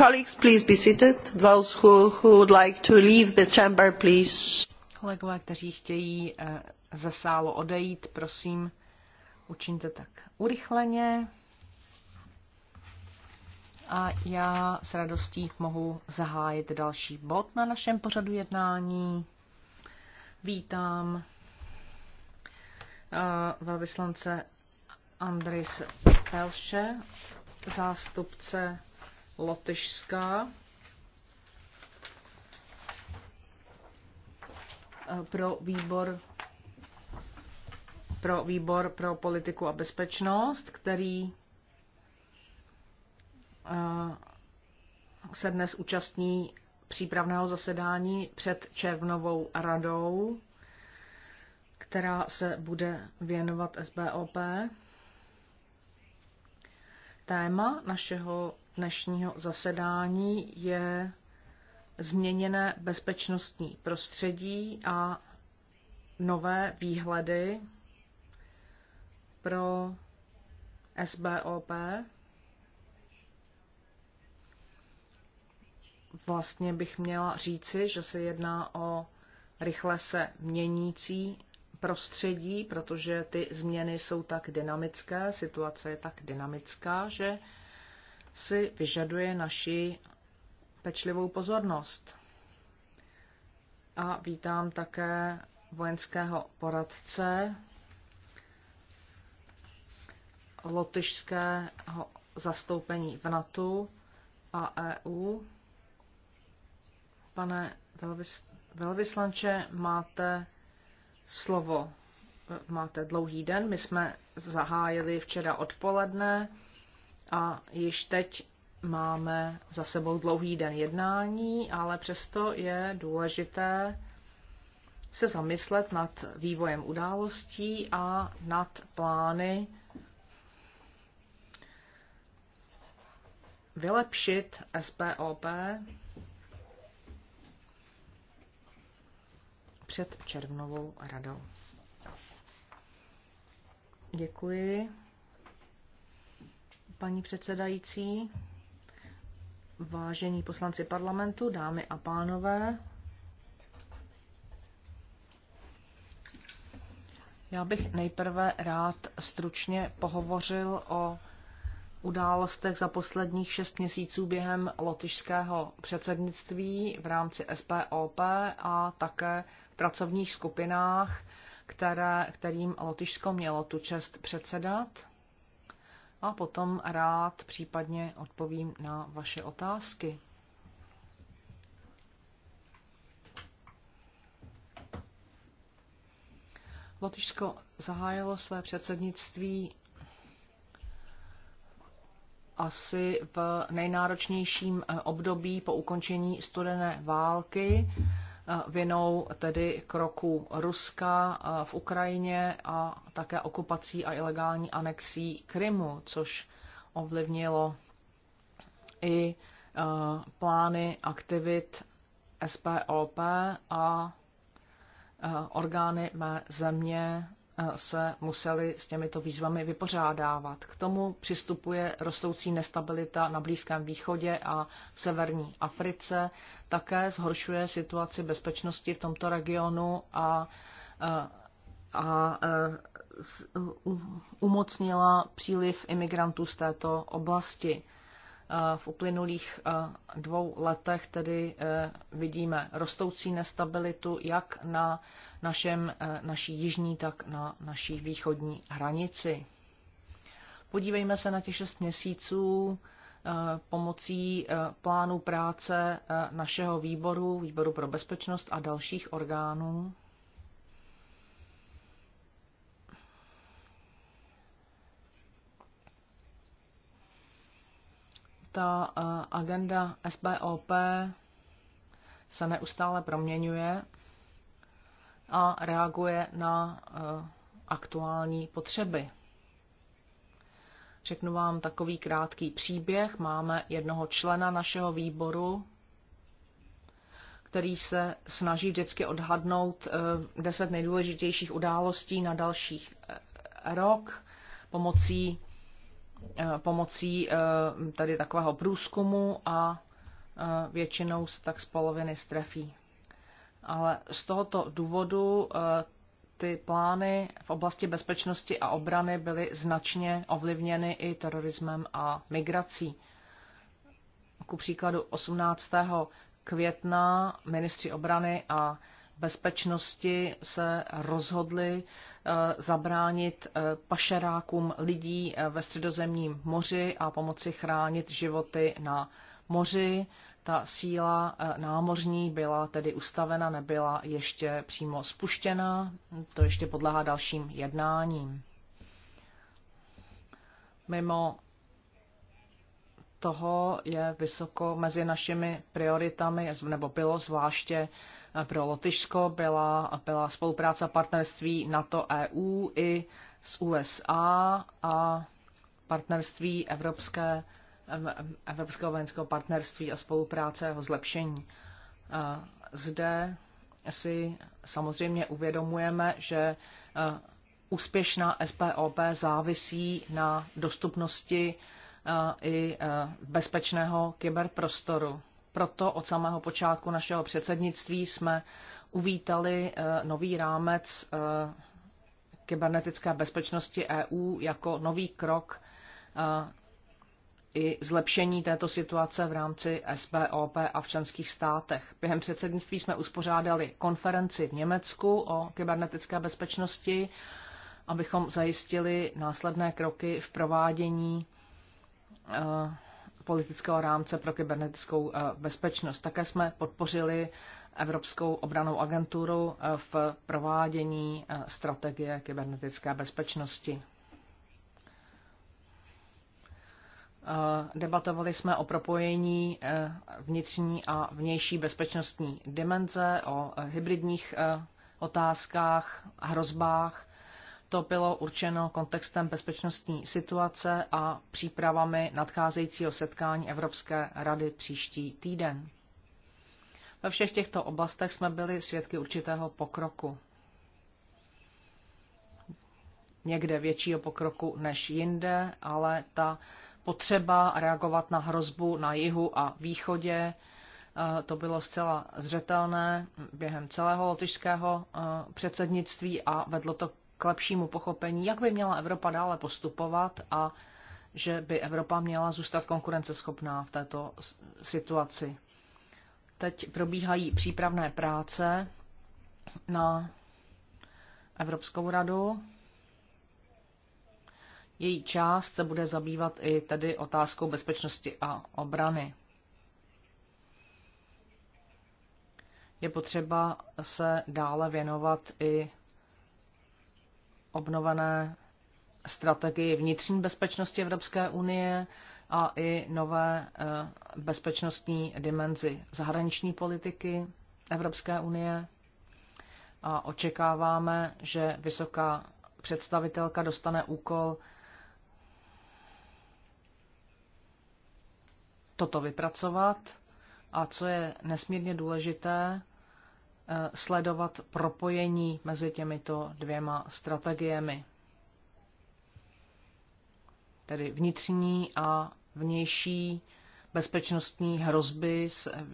colleagues please be seated those who, who would like to leave the chamber please kolegové kteří chtějí eh, ze sálu odejít prosím učiňte tak urychleně a já s radostí mohu zahájit další bod na našem pořadu jednání. Vítám eh, velvyslance Andris Pelše, zástupce Lotyšská. pro výbor pro výbor pro politiku a bezpečnost, který se dnes účastní přípravného zasedání před červnovou radou, která se bude věnovat SBOP. Téma našeho dnešního zasedání je změněné bezpečnostní prostředí a nové výhledy pro SBOP. Vlastně bych měla říci, že se jedná o rychle se měnící prostředí, protože ty změny jsou tak dynamické, situace je tak dynamická, že si vyžaduje naši pečlivou pozornost. A vítám také vojenského poradce lotyšského zastoupení v NATO a EU. Pane velvyslanče, máte slovo. Máte dlouhý den, my jsme zahájili včera odpoledne a již teď máme za sebou dlouhý den jednání, ale přesto je důležité se zamyslet nad vývojem událostí a nad plány vylepšit SPOP před červnovou radou. Děkuji paní předsedající, vážení poslanci parlamentu, dámy a pánové. Já bych nejprve rád stručně pohovořil o událostech za posledních šest měsíců během lotyšského předsednictví v rámci SPOP a také v pracovních skupinách, které, kterým Lotyšsko mělo tu čest předsedat a potom rád případně odpovím na vaše otázky. Lotyšsko zahájilo své předsednictví asi v nejnáročnějším eh, období po ukončení studené války vinou tedy kroku Ruska v Ukrajině a také okupací a ilegální anexí Krymu, což ovlivnilo i e, plány aktivit SPOP a e, orgány mé země se museli s těmito výzvami vypořádávat. K tomu přistupuje rostoucí nestabilita na Blízkém východě a severní Africe, také zhoršuje situaci bezpečnosti v tomto regionu a, a, a umocnila příliv imigrantů z této oblasti. Eh, v uplynulých eh, dvou letech tedy eh, vidíme rostoucí nestabilitu jak na našem, naší jižní, tak na naší východní hranici. Podívejme se na těch šest měsíců pomocí plánu práce našeho výboru, výboru pro bezpečnost a dalších orgánů. ta eh, agenda SBOP se neustále proměňuje a reaguje na eh, aktuální potřeby. Řeknu vám takový krátký příběh. Máme jednoho člena našeho výboru, který se snaží vždycky odhadnout eh, deset nejdůležitějších událostí na další rok pomocí Eh, pomocí eh, tady takového průzkumu a eh, většinou se tak z poloviny strefí. Ale z tohoto důvodu ty plány v oblasti bezpečnosti a obrany byly značně ovlivněny i terorismem a migrací. Ku příkladu 18. května ministři obrany a bezpečnosti se rozhodli eh, zabránit eh, pašerákům lidí eh, ve středozemním moři a pomoci chránit životy na moři. Ta síla námořní byla tedy ustavena, nebyla ještě přímo spuštěna, to ještě podléhá dalším jednáním. Mimo toho je vysoko mezi našimi prioritami, nebo bylo zvláště eh, pro Lotyšsko, byla, byla spolupráce partnerství NATO-EU i s USA a partnerství Evropské, Evropského vojenského partnerství a spolupráce jeho zlepšení. Eh, zde si samozřejmě uvědomujeme, že eh, úspěšná SPOP závisí na dostupnosti Eh, i eh, bezpečného kyberprostoru. Proto od samého počátku našeho předsednictví jsme uvítali eh, nový rámec kybernetické bezpečnosti EU jako nový krok i zlepšení této situace v rámci SBOP a v členských státech. Během předsednictví jsme uspořádali konferenci v Německu o kybernetické bezpečnosti, abychom zajistili následné kroky v provádění Eh, politického rámce pro kybernetickou eh, bezpečnost. Také jsme podpořili Evropskou obranou agenturu eh, v provádění strategie kybernetické bezpečnosti. Debatovali jsme o propojení vnitřní a vnější bezpečnostní dimenze, o hybridních otázkách, hrozbách to bylo určeno kontextem bezpečnostní situace a přípravami nadcházejícího setkání Evropské rady příští týden. Ve všech těchto oblastech jsme byli svědky určitého pokroku. Někde většího pokroku než jinde, ale ta potřeba reagovat na hrozbu na jihu a východě, eh, to bylo zcela zřetelné během celého lotyšského eh, předsednictví a vedlo to k lepšímu pochopení, jak by měla Evropa dále postupovat a že by Evropa měla zůstat konkurenceschopná v této situaci. Teď probíhají přípravné práce na Evropskou radu. Její část se bude zabývat i tedy otázkou bezpečnosti a obrany. Je potřeba se dále věnovat i obnovené strategii vnitřní bezpečnosti Evropské unie a i nové eh, bezpečnostní dimenzi zahraniční politiky Evropské unie. A očekáváme, že vysoká představitelka dostane úkol toto vypracovat. A co je nesmírně důležité, Eh, sledovat propojení mezi těmito dvěma strategiemi, tedy vnitřní a vnější bezpečnostní hrozby, eh,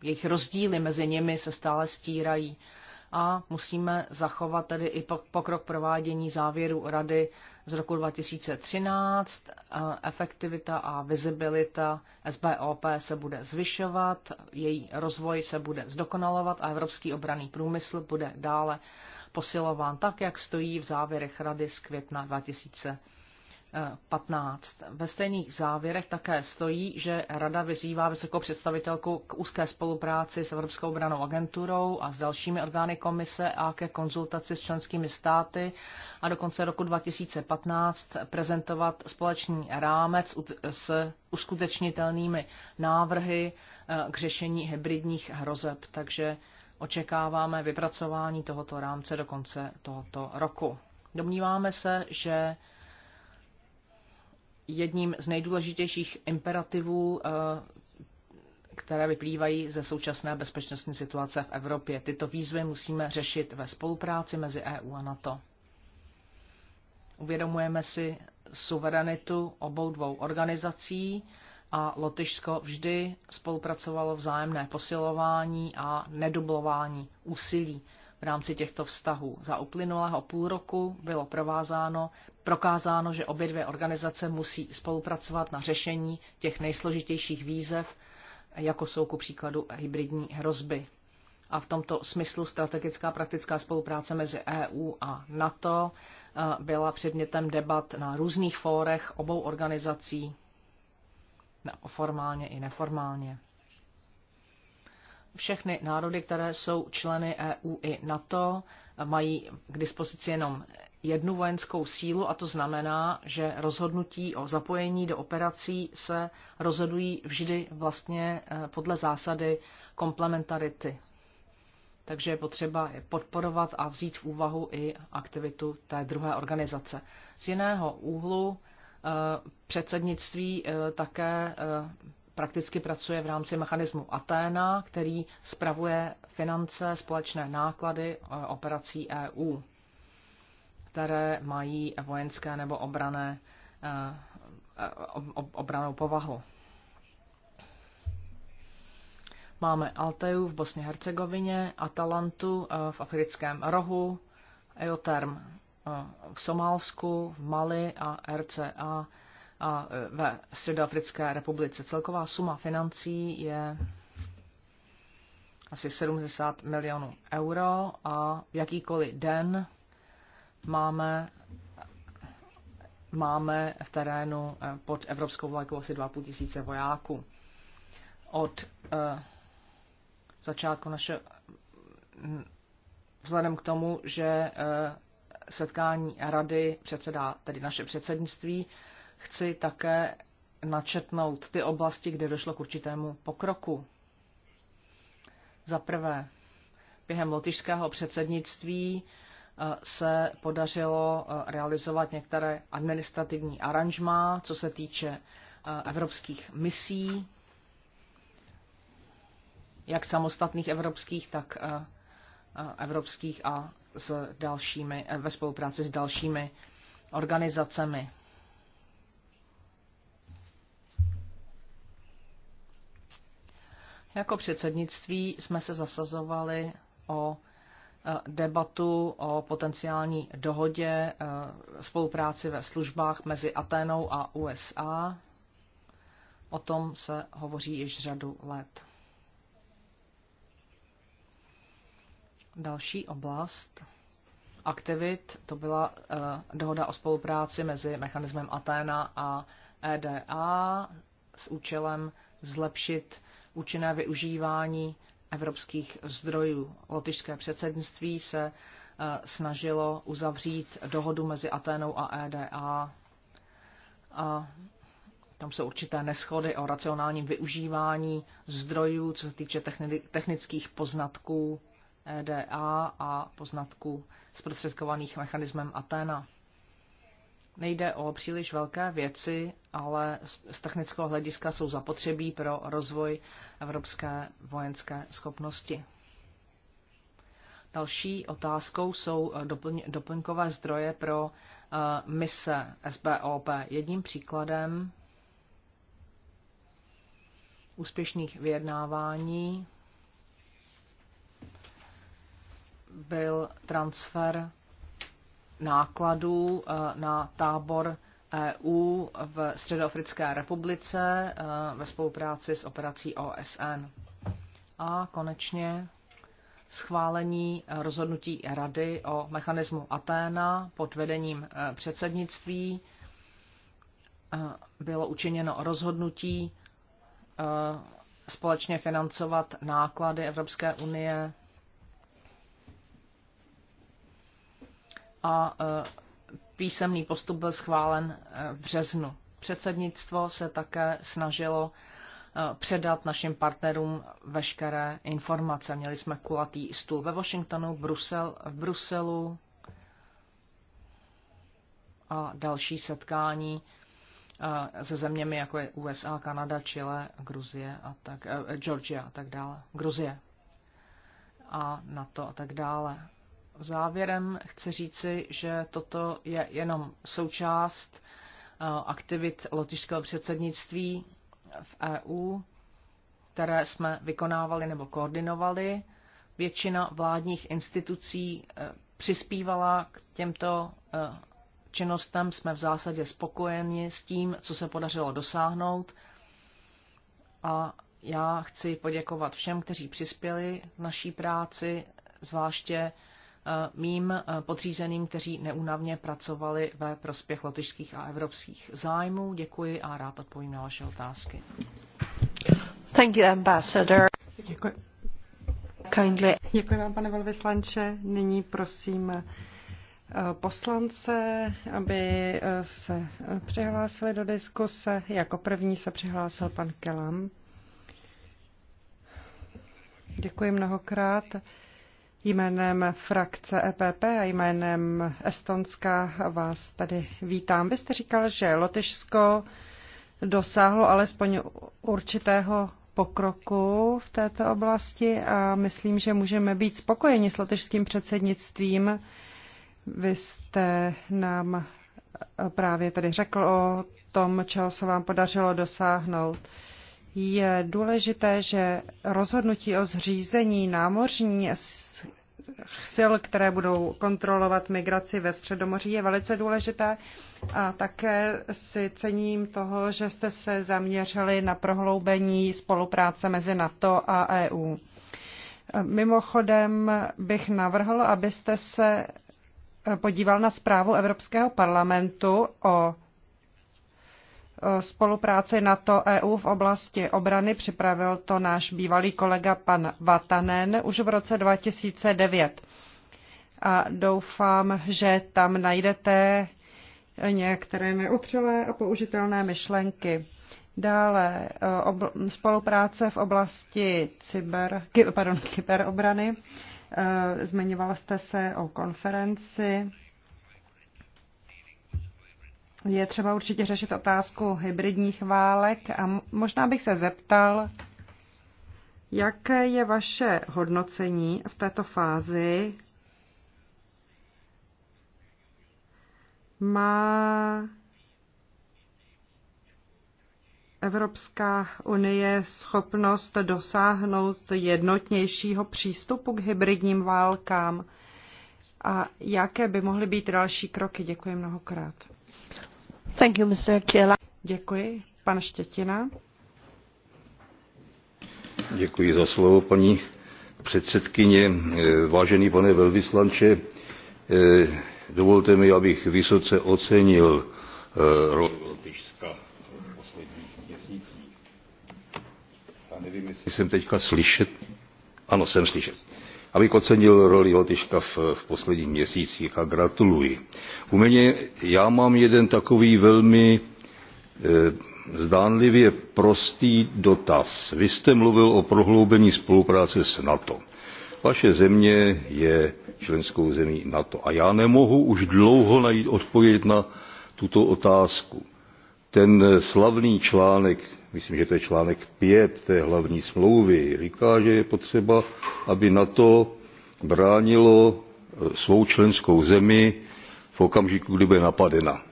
jejich, rozdíly mezi nimi se stále stírají a musíme zachovat tedy i pokrok provádění závěru Rady z roku 2013. E, efektivita a vizibilita SBOP se bude zvyšovat, její rozvoj se bude zdokonalovat a evropský obraný průmysl bude dále posilován tak, jak stojí v závěrech Rady z května 2013. 15. Ve stejných závěrech také stojí, že Rada vyzývá vysokou představitelku k úzké spolupráci s Evropskou branou agenturou a s dalšími orgány komise a ke konzultaci s členskými státy a do konce roku 2015 prezentovat společný rámec s uskutečnitelnými návrhy eh, k řešení hybridních hrozeb. Takže očekáváme vypracování tohoto rámce do konce tohoto roku. Domníváme se, že jedním z nejdůležitějších imperativů, eh, které vyplývají ze současné bezpečnostní situace v Evropě. Tyto výzvy musíme řešit ve spolupráci mezi EU a NATO. Uvědomujeme si suverenitu obou dvou organizací a Lotyšsko vždy spolupracovalo vzájemné posilování a nedublování úsilí v rámci těchto vztahů. Za uplynulého půl roku bylo provázáno, prokázáno, že obě dvě organizace musí spolupracovat na řešení těch nejsložitějších výzev, jako jsou ku příkladu hybridní hrozby. A v tomto smyslu strategická praktická spolupráce mezi EU a NATO eh, byla předmětem debat na různých fórech obou organizací, formálně i neformálně všechny národy, které jsou členy EU i NATO, mají k dispozici jenom jednu vojenskou sílu a to znamená, že rozhodnutí o zapojení do operací se rozhodují vždy vlastně eh, podle zásady komplementarity. Takže je potřeba je podporovat a vzít v úvahu i aktivitu té druhé organizace. Z jiného úhlu eh, předsednictví eh, také prakticky pracuje v rámci mechanismu Aténa, který spravuje finance, společné náklady e, operací EU, které mají vojenské nebo obrané, e, e, obranou povahu. Máme Alteu v Bosně Hercegovině, Atalantu v africkém rohu, EOTERM v Somálsku, v Mali a RCA a e, ve Středoafrické republice. Celková suma financí je asi 70 milionů euro a v jakýkoliv den máme, máme v terénu e, pod evropskou vlajkou asi 2,5 tisíce vojáků. Od eh, začátku naše vzhledem k tomu, že eh, setkání rady předsedá tedy naše předsednictví, eh, chci také načetnout ty oblasti, kde došlo k určitému pokroku. Za prvé, během lotyšského předsednictví eh, se podařilo eh, realizovat některé administrativní aranžmá, co se týče eh, evropských misí, jak samostatných evropských, tak evropských a s dalšími, ve spolupráci s dalšími organizacemi. Jako předsednictví jsme se zasazovali o e, debatu o potenciální dohodě e, spolupráci ve službách mezi Aténou a USA. O tom se hovoří již řadu let. Další oblast aktivit to byla e, dohoda o spolupráci mezi mechanismem Aténa a EDA s účelem zlepšit účinné využívání evropských zdrojů. Lotyšské předsednictví se eh, snažilo uzavřít dohodu mezi Aténou a EDA a tam jsou určité neschody o racionálním využívání zdrojů, co se týče technických poznatků EDA a poznatků zprostředkovaných mechanismem Atena. Nejde o příliš velké věci, ale z technického hlediska jsou zapotřebí pro rozvoj evropské vojenské schopnosti. Další otázkou jsou eh, doplň, doplňkové zdroje pro uh, mise SBOP. Jedním příkladem úspěšných vyjednávání byl transfer nákladů eh, na tábor EU v Středoafrické republice eh, ve spolupráci s operací OSN. A konečně schválení eh, rozhodnutí Rady o mechanismu Aténa pod vedením předsednictví bylo učiněno rozhodnutí společně financovat náklady Evropské unie a e, písemný postup byl schválen e, v březnu. Předsednictvo se také snažilo e, předat našim partnerům veškeré informace. Měli jsme kulatý stůl ve Washingtonu, Brusel, v Bruselu a další setkání se zeměmi jako je USA, Kanada, Chile, Gruzie a tak, Georgia a tak dále, Gruzie a NATO a tak dále. Závěrem chci říci, že toto je jenom součást eh, aktivit lotyšského předsednictví v EU, které jsme vykonávali nebo koordinovali. Většina vládních institucí eh, přispívala k těmto eh, činnostem. Jsme v zásadě spokojeni s tím, co se podařilo dosáhnout. A já chci poděkovat všem, kteří přispěli v naší práci, zvláště Eh, mým eh, podřízeným, kteří neúnavně pracovali ve prospěch lotyšských a evropských zájmů. Děkuji a rád odpovím na vaše otázky. Thank you, ambassador. Děkuji. Kindly. Děkuji vám, pane velvyslanče. Nyní prosím eh, poslance, aby se přihlásili do diskuse. Jako první se přihlásil pan Kelam. Děkuji mnohokrát. Jménem frakce EPP a jménem Estonska vás tady vítám. Vy jste říkal, že Lotyšsko dosáhlo alespoň určitého pokroku v této oblasti a myslím, že můžeme být spokojeni s lotyšským předsednictvím. Vy jste nám právě tady řekl o tom, čeho se vám podařilo dosáhnout. Je důležité, že rozhodnutí o zřízení námořní sil, které budou kontrolovat migraci ve Středomoří, je velice důležité. A také si cením toho, že jste se zaměřili na prohloubení spolupráce mezi NATO a EU. Mimochodem bych navrhl, abyste se podíval na zprávu Evropského parlamentu o spolupráci NATO-EU v oblasti obrany připravil to náš bývalý kolega pan Vatanen už v roce 2009. A doufám, že tam najdete některé neotřelé a použitelné myšlenky. Dále eh, spolupráce v oblasti cyber, pardon, kyberobrany. Eh, Zmiňovala jste se o konferenci je třeba určitě řešit otázku hybridních válek a možná bych se zeptal, jaké je vaše hodnocení v této fázi? Má Evropská unie schopnost dosáhnout jednotnějšího přístupu k hybridním válkám? A jaké by mohly být další kroky? Děkuji mnohokrát. Thank you, Mr. Kiela. Děkuji. Pan Štětina. Děkuji za slovo, paní předsedkyně. Vážený pane velvyslanče, eh, dovolte mi, abych vysoce ocenil eh, roli Lotyšska v posledních měsících. Já nevím, jestli jsem teďka slyšet. Ano, jsem slyšet abych ocenil roli Lotyška v, v posledních měsících a gratuluji. U mě já mám jeden takový velmi e, zdánlivě prostý dotaz. Vy jste mluvil o prohloubení spolupráce s NATO. Vaše země je členskou zemí NATO a já nemohu už dlouho najít odpověď na tuto otázku ten eh, slavný článek myslím že to je článek 5 té hlavní smlouvy říká že je potřeba aby nato bránilo eh, svou členskou zemi v okamžiku kdy bude napadena.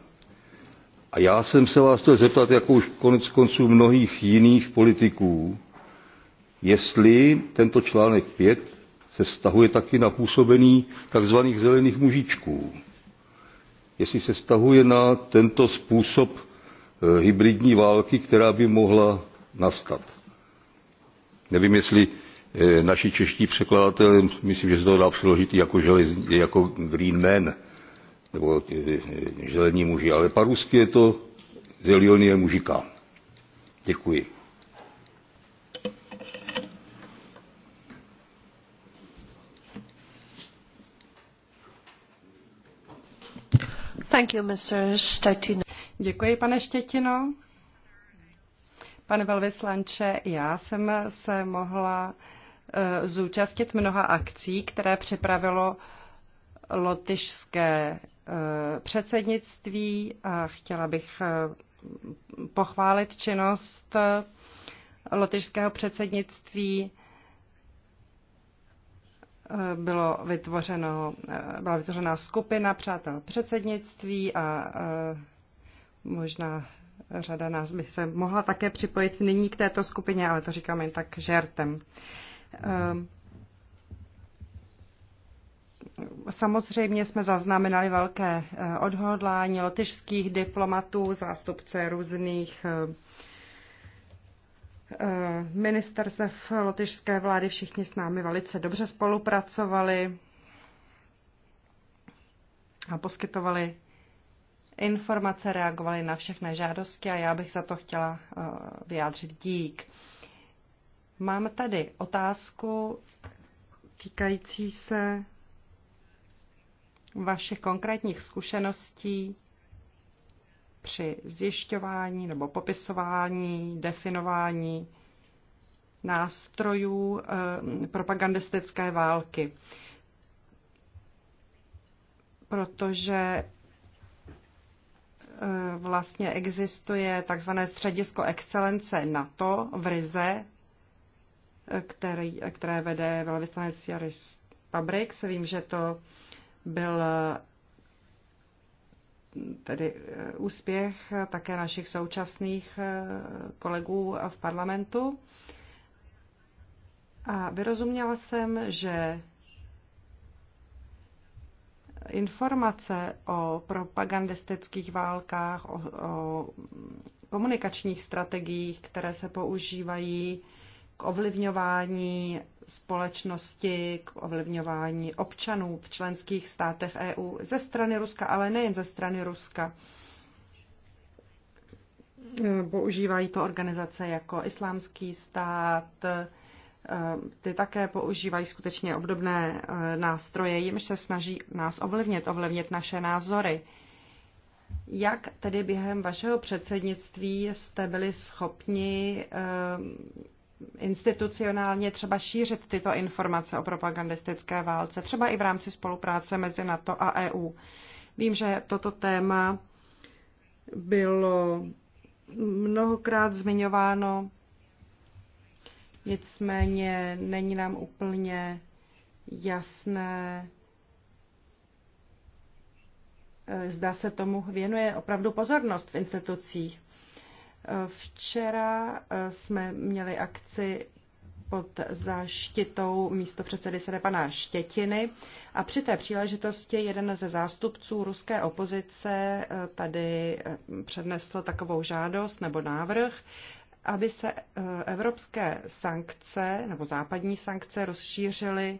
a já jsem se vás chtěl zeptat jako už konec konců mnohých jiných politiků jestli tento článek 5 se stahuje taky na působení tzv. zelených mužičků jestli se stahuje na tento způsob Eh, hybridní války, která by mohla nastat. Nevím, jestli eh, naši čeští překladatelé, myslím, že se to dá přeložit jako, želez, jako Green Man, nebo eh, zelení muži, ale rusky je to zelionie mužika. Děkuji. Thank you, Mr. Stetina. Děkuji, pane Štětino. Pane velvyslanče, já jsem se mohla eh, zúčastnit mnoha akcí, které připravilo lotyšské eh, předsednictví a chtěla bych eh, pochválit činnost lotyšského předsednictví. Bylo vytvořeno, byla vytvořena skupina přátel předsednictví a Možná řada nás by se mohla také připojit nyní k této skupině, ale to říkám jen tak žertem. Ehm, samozřejmě jsme zaznamenali velké eh, odhodlání lotyšských diplomatů, zástupce různých eh, eh, ministerstev lotyšské vlády, všichni s námi velice dobře spolupracovali a poskytovali informace, reagovali na všechny žádosti a já bych za to chtěla eh, vyjádřit dík. Mám tady otázku týkající se vašich konkrétních zkušeností při zjišťování nebo popisování, definování nástrojů eh, propagandistické války. Protože Eh, vlastně existuje takzvané středisko excelence NATO v Rize, eh, který, eh, které vede velvyslanec Jaris Se Vím, že to byl tedy úspěch také našich současných kolegů v parlamentu. A vyrozuměla jsem, že informace o propagandistických válkách, o, o komunikačních strategiích, které se používají k ovlivňování společnosti, k ovlivňování občanů v členských státech EU ze strany Ruska, ale nejen ze strany Ruska. E, používají to organizace jako Islámský stát, Eh, ty také používají skutečně obdobné eh, nástroje, jimž se snaží nás ovlivnit, ovlivnit naše názory. Jak tedy během vašeho předsednictví jste byli schopni eh, institucionálně třeba šířit tyto informace o propagandistické válce, třeba i v rámci spolupráce mezi NATO a EU? Vím, že toto téma bylo mnohokrát zmiňováno Nicméně není nám úplně jasné, eh, zda se tomu věnuje opravdu pozornost v institucích. Eh, včera eh, jsme měli akci pod záštitou místo předsedy pana Štětiny a při té příležitosti jeden ze zástupců ruské opozice tady přednesl takovou žádost nebo návrh, aby se eh, evropské sankce nebo západní sankce rozšířily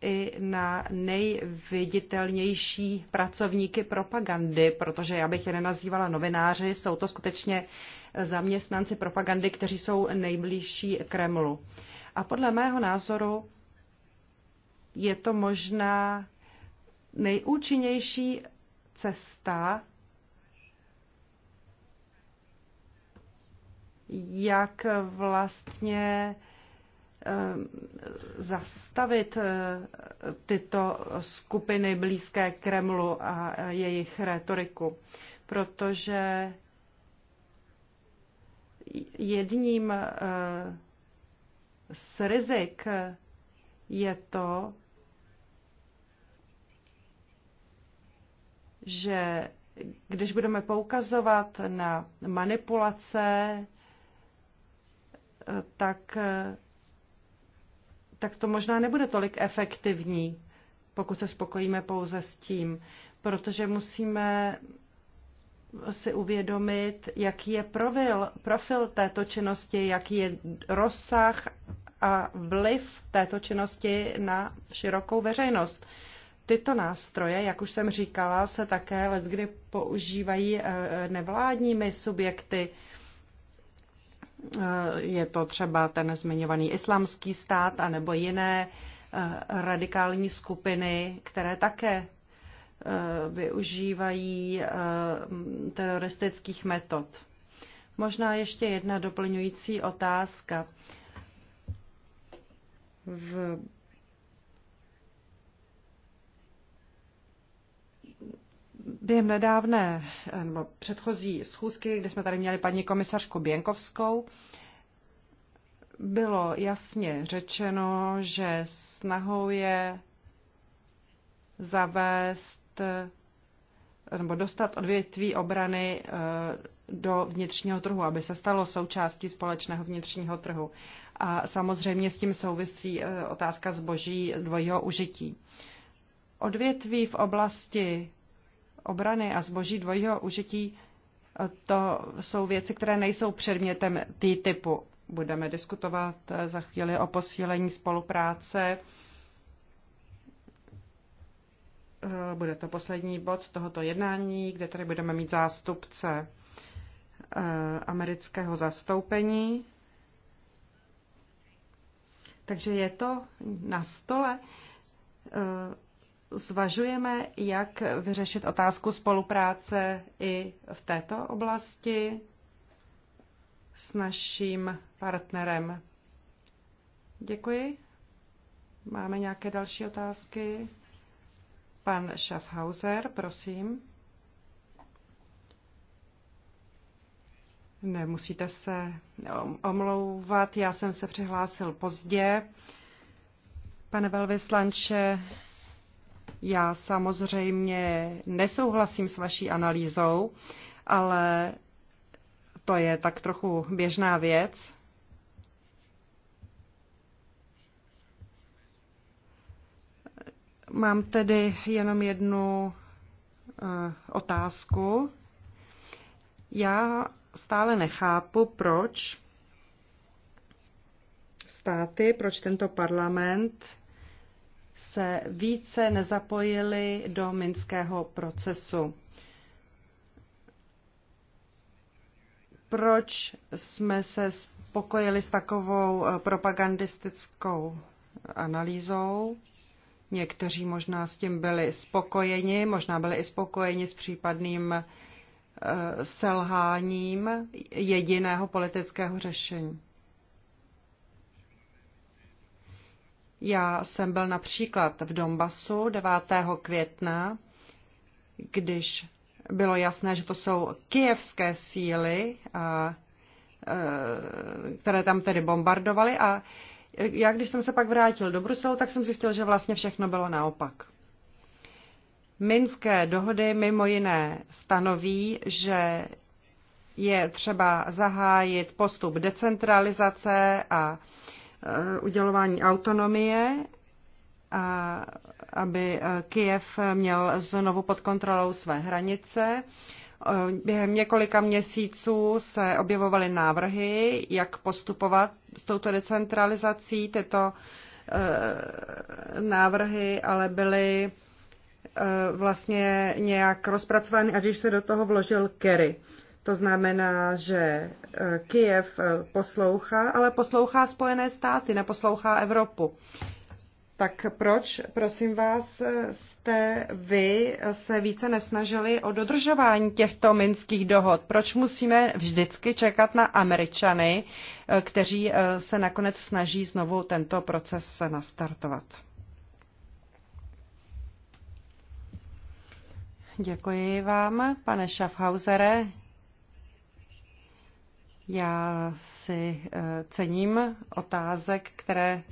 i na nejviditelnější pracovníky propagandy, protože já bych je nenazývala novináři, jsou to skutečně zaměstnanci propagandy, kteří jsou nejbližší Kremlu. A podle mého názoru je to možná nejúčinnější cesta, jak vlastně ehm, zastavit eh, tyto skupiny blízké Kremlu a eh, jejich retoriku, protože jedním eh, z rizik je to, že když budeme poukazovat na manipulace tak, tak to možná nebude tolik efektivní, pokud se spokojíme pouze s tím, protože musíme si uvědomit, jaký je profil, profil této činnosti, jaký je rozsah a vliv této činnosti na širokou veřejnost. Tyto nástroje, jak už jsem říkala, se také leckdy používají eh, nevládními subjekty, Eh, je to třeba ten zmiňovaný islámský stát anebo jiné eh, radikální skupiny, které také eh, využívají teroristických metod. Možná ještě jedna doplňující otázka. V během nedávné eh, nebo předchozí schůzky, kde jsme tady měli paní komisařku Běnkovskou, bylo jasně řečeno, že snahou je zavést eh, nebo dostat odvětví obrany eh, do vnitřního trhu, aby se stalo součástí společného vnitřního trhu. A samozřejmě s tím souvisí otázka zboží dvojího užití. Odvětví v oblasti obrany a zboží dvojího užití, eh, to jsou věci, které nejsou předmětem typu Budeme diskutovat eh, za chvíli o posílení spolupráce. Eh, bude to poslední bod tohoto jednání, kde tady budeme mít zástupce amerického zastoupení. Takže je to na stole zvažujeme, jak vyřešit otázku spolupráce i v této oblasti s naším partnerem. Děkuji. Máme nějaké další otázky? Pan Schaffhauser, prosím. Nemusíte se omlouvat, já jsem se přihlásil pozdě. Pane velvyslanče, já samozřejmě nesouhlasím s vaší analýzou, ale to je tak trochu běžná věc. Mám tedy jenom jednu eh, otázku. Já stále nechápu, proč státy, proč tento parlament se více nezapojili do minského procesu. Proč jsme se spokojili s takovou eh, propagandistickou analýzou? Někteří možná s tím byli spokojeni, možná byli i spokojeni s případným eh, selháním jediného politického řešení. Já jsem byl například v Donbasu 9. května, když bylo jasné, že to jsou kijevské síly, a, které tam tedy bombardovaly. A já, když jsem se pak vrátil do Bruselu, tak jsem zjistil, že vlastně všechno bylo naopak. Minské dohody mimo jiné stanoví, že je třeba zahájit postup decentralizace a Eh, udělování autonomie a aby eh, Kiev měl znovu pod kontrolou své hranice. Eh, během několika měsíců se objevovaly návrhy, jak postupovat s touto decentralizací. Tyto návrhy ale byly vlastně nějak rozpracovány, až když se do toho vložil Kerry. To znamená, že eh, Kiev eh, poslouchá, ale poslouchá Spojené státy, neposlouchá Evropu. Tak proč, prosím vás, eh, jste vy se více nesnažili o dodržování těchto minských dohod? Proč musíme vždycky čekat na Američany, kteří se nakonec snaží znovu tento proces nastartovat? Děkuji vám, pane Schaffhausere. Já si eh, cením otázek, které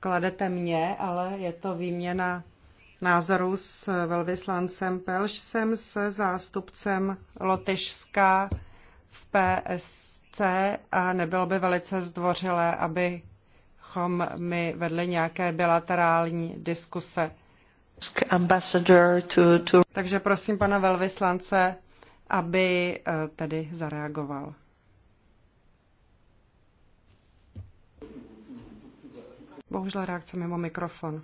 kladete mě, ale je to výměna názorů s velvyslancem Pelšsem, se zástupcem Lotyšska v PSC a nebylo by velice zdvořilé, abychom my vedli nějaké bilaterální diskuse. To, to... Takže prosím pana velvyslance aby eh, tedy zareagoval. Bohužel reakce mimo mikrofon.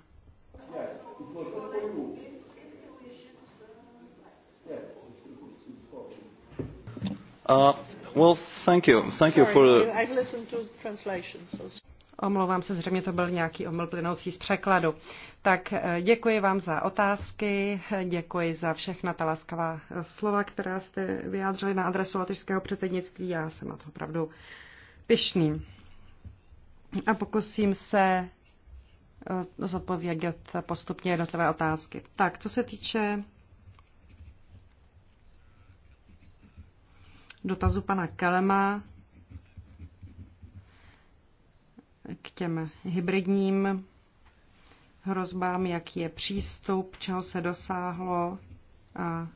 Uh, well, thank you. Thank Sorry, you for. I've listened to translations So... Omlouvám se, zřejmě to byl nějaký omyl plynoucí z překladu. Tak eh, děkuji vám za otázky, děkuji za všechna ta laskavá eh, slova, která jste vyjádřili na adresu latyšského předsednictví. Já jsem na to opravdu pyšný. A pokusím se eh, zodpovědět postupně jednotlivé otázky. Tak, co se týče dotazu pana Kelema, k těm hybridním hrozbám, jaký je přístup, čeho se dosáhlo a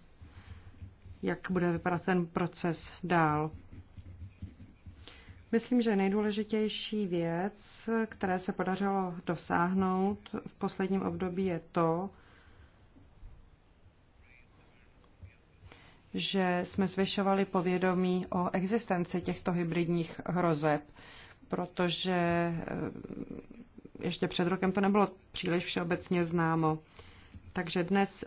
jak bude vypadat ten proces dál. Myslím, že nejdůležitější věc, které se podařilo dosáhnout v posledním období, je to, že jsme zvyšovali povědomí o existenci těchto hybridních hrozeb protože eh, ještě před rokem to nebylo příliš všeobecně známo. Takže dnes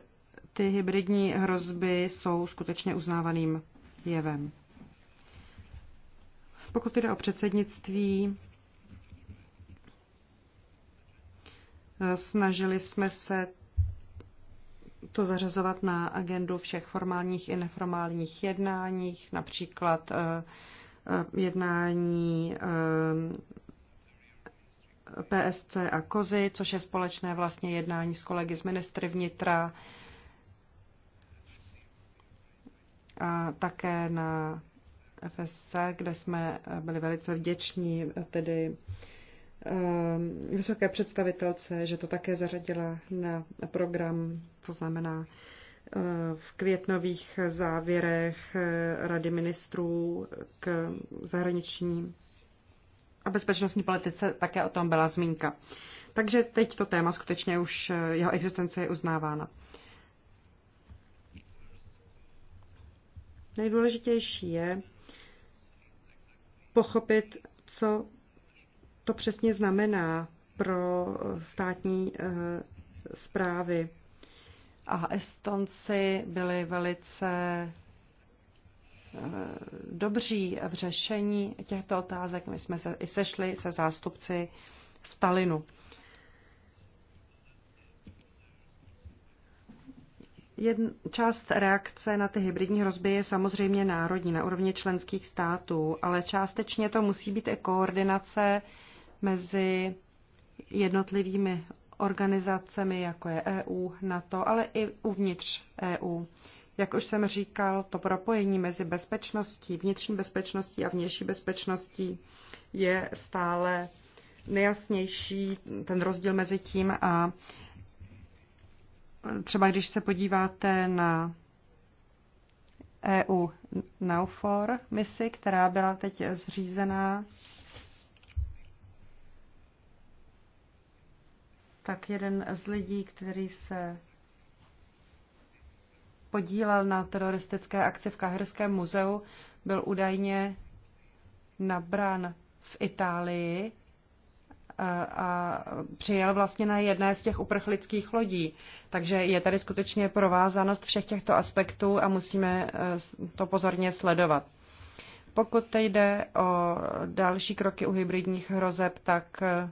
ty hybridní hrozby jsou skutečně uznávaným jevem. Pokud jde o předsednictví, eh, snažili jsme se to zařazovat na agendu všech formálních i neformálních jednáních, například eh, Eh, jednání eh, PSC a Kozy, což je společné vlastně jednání s kolegy z ministry vnitra a také na FSC, kde jsme eh, byli velice vděční tedy vysoké představitelce, že to také zařadila na program, to znamená v květnových závěrech Rady ministrů k zahraniční a bezpečnostní politice také o tom byla zmínka. Takže teď to téma skutečně už jeho existence je uznávána. Nejdůležitější je pochopit, co to přesně znamená pro státní zprávy. Eh, a Estonci byli velice eh, dobří v řešení těchto otázek. My jsme se i sešli se zástupci Stalinu. Jedn, část reakce na ty hybridní hrozby je samozřejmě národní na úrovni členských států, ale částečně to musí být i koordinace mezi jednotlivými organizacemi, jako je EU, NATO, ale i uvnitř EU. Jak už jsem říkal, to propojení mezi bezpečností, vnitřní bezpečností a vnější bezpečností je stále nejasnější, ten rozdíl mezi tím a třeba když se podíváte na EU Naufor misi, která byla teď zřízená tak jeden z lidí, který se podílel na teroristické akci v Kaherském muzeu, byl údajně nabrán v Itálii a přijel vlastně na jedné z těch uprchlických lodí. Takže je tady skutečně provázanost všech těchto aspektů a musíme e, to pozorně sledovat. Pokud jde o další kroky u hybridních hrozeb, tak e,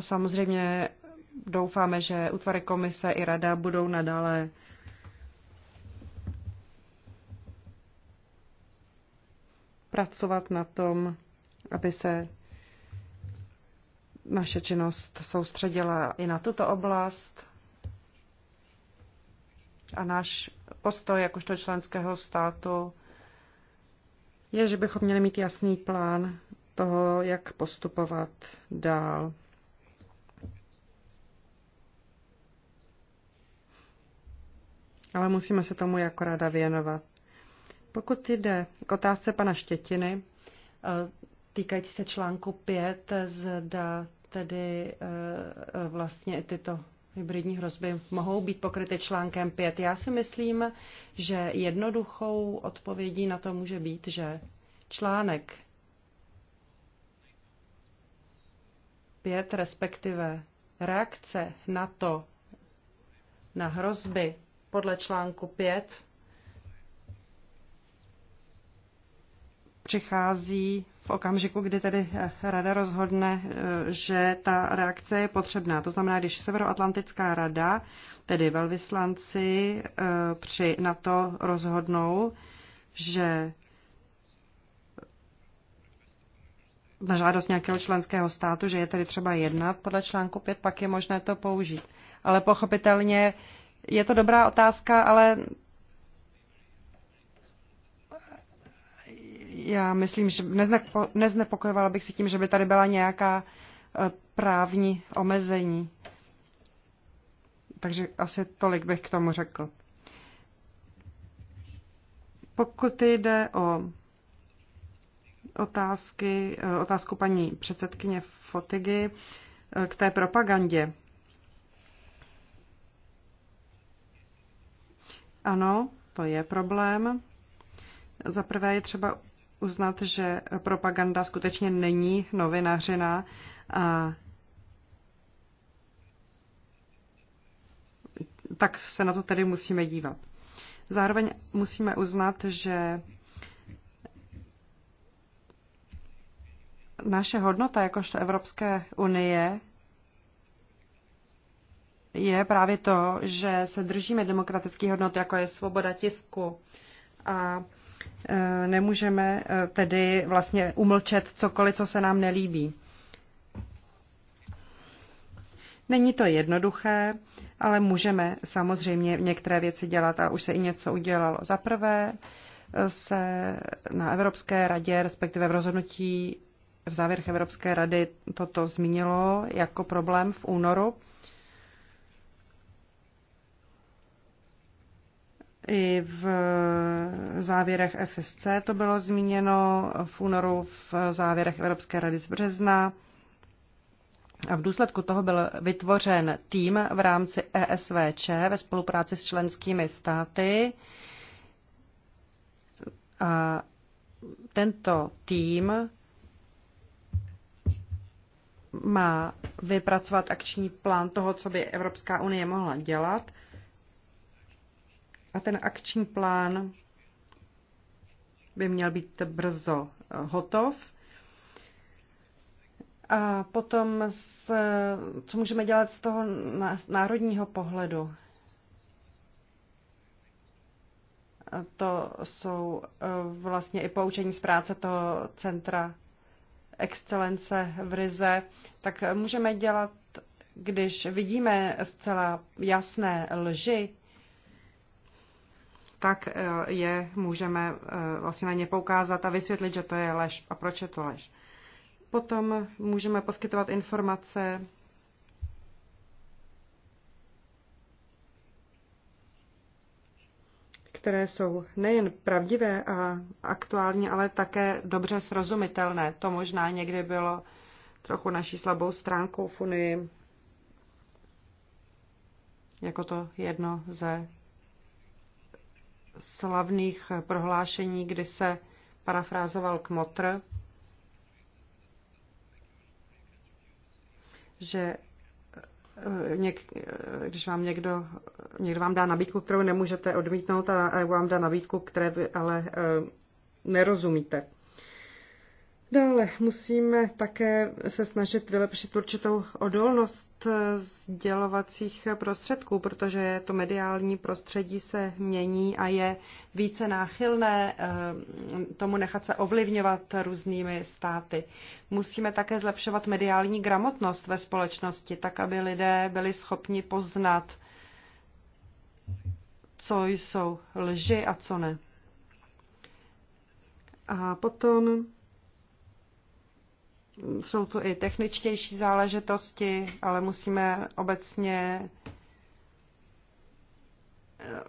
Samozřejmě doufáme, že útvary komise i rada budou nadále pracovat na tom, aby se naše činnost soustředila i na tuto oblast. A náš postoj jakožto členského státu je, že bychom měli mít jasný plán toho, jak postupovat dál. ale musíme se tomu jako rada věnovat. Pokud jde k otázce pana Štětiny, eh, týkající se článku 5, zda tedy eh, vlastně tyto hybridní hrozby mohou být pokryty článkem 5. Já si myslím, že jednoduchou odpovědí na to může být, že článek 5, respektive reakce na to, na hrozby podle článku 5 přichází v okamžiku, kdy tedy eh, rada rozhodne, eh, že ta reakce je potřebná. To znamená, když Severoatlantická rada, tedy velvyslanci eh, při NATO rozhodnou, že na žádost nějakého členského státu, že je tedy třeba jednat podle článku 5, pak je možné to použít. Ale pochopitelně je to dobrá otázka, ale já myslím, že neznepo, neznepokojovala bych se tím, že by tady byla nějaká e, právní omezení. Takže asi tolik bych k tomu řekl. Pokud jde o otázky, e, otázku paní předsedkyně Fotigy e, k té propagandě. Ano, to je problém. Za prvé je třeba uznat, že propaganda skutečně není novinařina a tak se na to tedy musíme dívat. Zároveň musíme uznat, že naše hodnota jakožto Evropské unie je právě to, že se držíme demokratických hodnot, jako je svoboda tisku. A e, nemůžeme e, tedy vlastně umlčet cokoliv, co se nám nelíbí. Není to jednoduché, ale můžeme samozřejmě některé věci dělat a už se i něco udělalo. Za prvé e, se na Evropské radě, respektive v rozhodnutí v závěrech Evropské rady toto zmínilo jako problém v únoru. i v závěrech FSC to bylo zmíněno v únoru v závěrech Evropské rady z března. A v důsledku toho byl vytvořen tým v rámci ESVČ ve spolupráci s členskými státy. A tento tým má vypracovat akční plán toho, co by Evropská unie mohla dělat – a ten akční plán by měl být brzo eh, hotov. A potom, s, co můžeme dělat z toho národního pohledu? To jsou eh, vlastně i poučení z práce toho centra excelence v Rize. Tak můžeme dělat, když vidíme zcela jasné lži, tak eh, je můžeme eh, vlastně na ně poukázat a vysvětlit, že to je lež a proč je to lež. Potom můžeme poskytovat informace které jsou nejen pravdivé a aktuální, ale také dobře srozumitelné. To možná někdy bylo trochu naší slabou stránkou funy, jako to jedno ze slavných prohlášení, kdy se parafrázoval Kmotr, že eh, něk, eh, když vám někdo, někdo vám dá nabídku, kterou nemůžete odmítnout a, vám dá nabídku, které vy ale e, nerozumíte. Dále musíme také se snažit vylepšit určitou odolnost eh, sdělovacích prostředků, protože to mediální prostředí se mění a je více náchylné eh, tomu nechat se ovlivňovat různými státy. Musíme také zlepšovat mediální gramotnost ve společnosti, tak aby lidé byli schopni poznat, co jsou lži a co ne. A potom jsou tu i techničtější záležitosti, ale musíme obecně eh,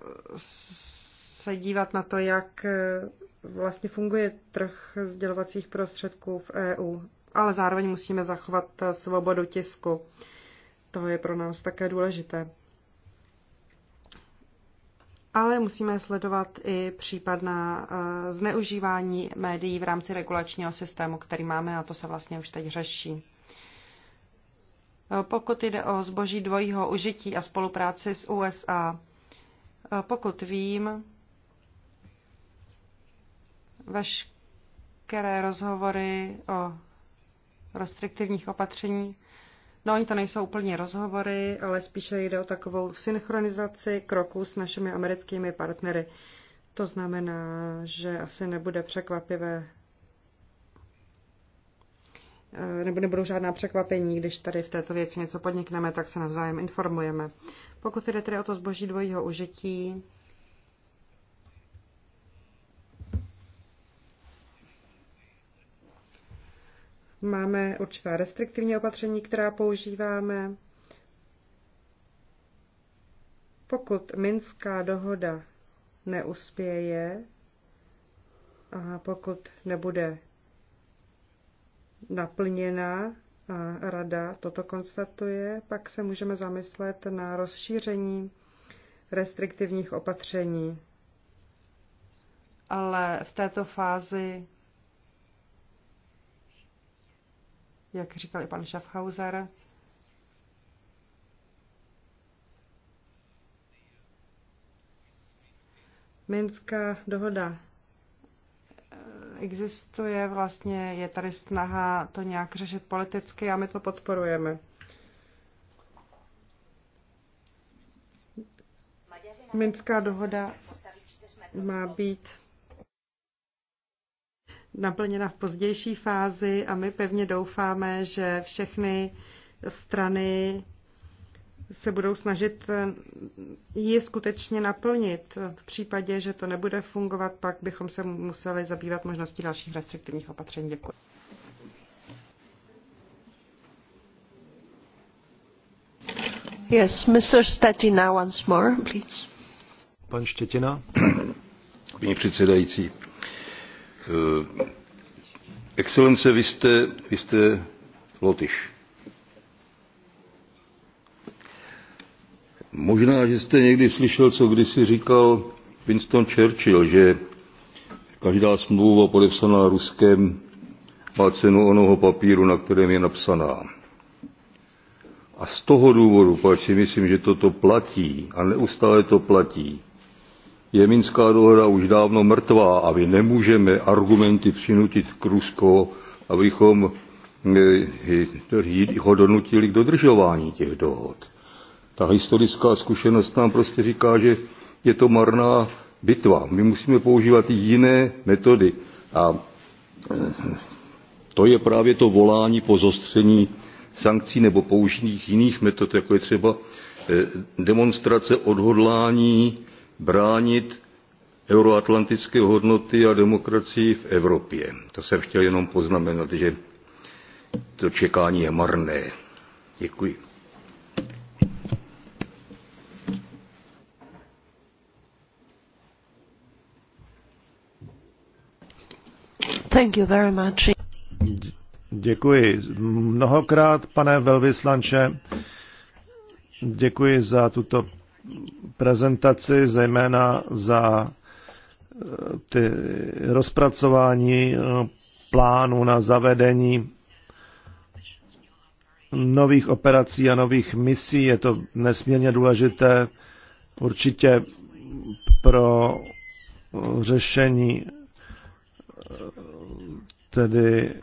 se dívat na to, jak eh, vlastně funguje trh sdělovacích prostředků v EU. Ale zároveň musíme zachovat eh, svobodu tisku. To je pro nás také důležité ale musíme sledovat i případná eh, zneužívání médií v rámci regulačního systému, který máme a to se vlastně už teď řeší. Eh, pokud jde o zboží dvojího užití a spolupráci s USA, eh, pokud vím, veškeré rozhovory o restriktivních opatřeních. No, oni to nejsou úplně rozhovory, ale spíše jde o takovou synchronizaci kroků s našimi americkými partnery. To znamená, že asi nebude překvapivé eh, nebo nebudou žádná překvapení, když tady v této věci něco podnikneme, tak se navzájem informujeme. Pokud jde tedy o to zboží dvojího užití, Máme určitá restriktivní opatření, která používáme. Pokud Minská dohoda neuspěje a pokud nebude naplněna a rada toto konstatuje, pak se můžeme zamyslet na rozšíření restriktivních opatření. Ale v této fázi jak říkal i pan Schaffhauser, Minská dohoda eh, existuje, vlastně je tady snaha to nějak řešit politicky a my to podporujeme. Minská dohoda má být naplněna v pozdější fázi a my pevně doufáme, že všechny strany se budou snažit ji skutečně naplnit. V případě, že to nebude fungovat, pak bychom se museli zabývat možností dalších restriktivních opatření. Děkuji. Yes, Mr. Stetina once more, please. Pan Štětina. Pani předsedající, Eh, excelence, vy jste, vy jste Lotyš. Možná, že jste někdy slyšel, co kdysi říkal Winston Churchill, že každá smlouva podepsaná Ruskem má cenu onoho papíru, na kterém je napsaná. A z toho důvodu, proč si myslím, že toto platí a neustále to platí, je Minská dohoda už dávno mrtvá a my nemůžeme argumenty přinutit k Rusko, abychom eh, ho donutili k dodržování těch dohod. Ta historická zkušenost nám prostě říká, že je to marná bitva. My musíme používat i jiné metody. A eh, to je právě to volání po zostření sankcí nebo použitých jiných metod, jako je třeba eh, demonstrace odhodlání bránit euroatlantické hodnoty a demokracii v Evropě. To jsem chtěl jenom poznamenat, že to čekání je marné. Děkuji. Thank you very much. Děkuji mnohokrát, pane velvyslanče. Děkuji za tuto prezentaci, zejména za eh, ty rozpracování eh, plánu na zavedení nových operací a nových misí. Je to nesmírně důležité určitě pro řešení eh, tedy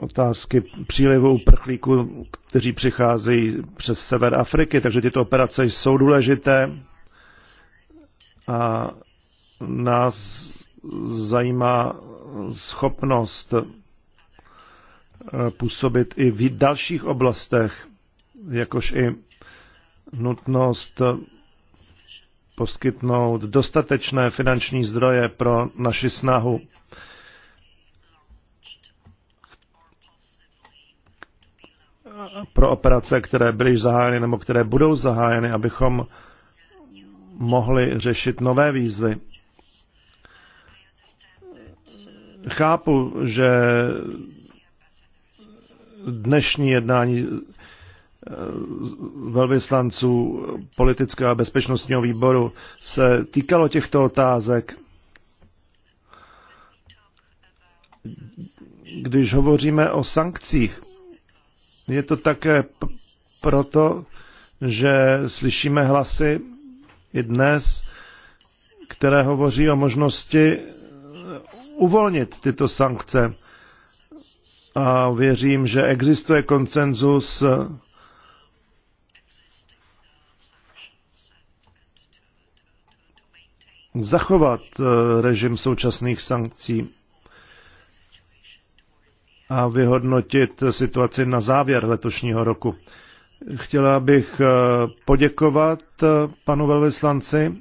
otázky přílivu uprchlíků, kteří přicházejí přes sever Afriky, takže tyto operace jsou důležité a nás zajímá schopnost eh, působit i v dalších oblastech, jakož i nutnost eh, poskytnout dostatečné finanční zdroje pro naši snahu pro operace, které byly zahájeny nebo které budou zahájeny, abychom mohli řešit nové výzvy. Chápu, že dnešní jednání eh, velvyslanců politického a bezpečnostního výboru se týkalo těchto otázek. Když hovoříme o sankcích, je to také proto, že slyšíme hlasy i dnes, které hovoří o možnosti eh, uvolnit tyto sankce. A věřím, že existuje konsenzus eh, zachovat eh, režim současných sankcí a vyhodnotit situaci na závěr letošního roku. Chtěla bych eh, poděkovat eh, panu velvyslanci.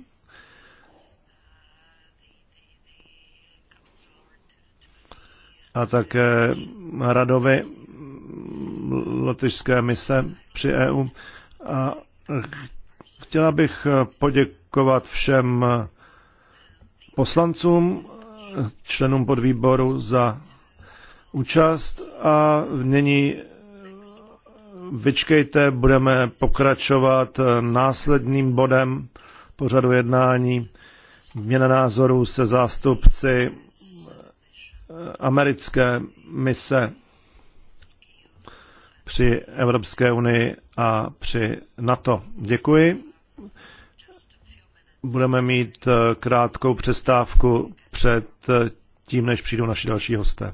a také radovi mm, lotyšské mise při EU. A chtěla bych eh, poděkovat všem poslancům, členům podvýboru za účast a nyní vyčkejte, budeme pokračovat následným bodem pořadu jednání měna názorů se zástupci eh, americké mise při Evropské unii a při NATO. Děkuji. Budeme mít eh, krátkou přestávku před eh, tím, než přijdou naši další hosté.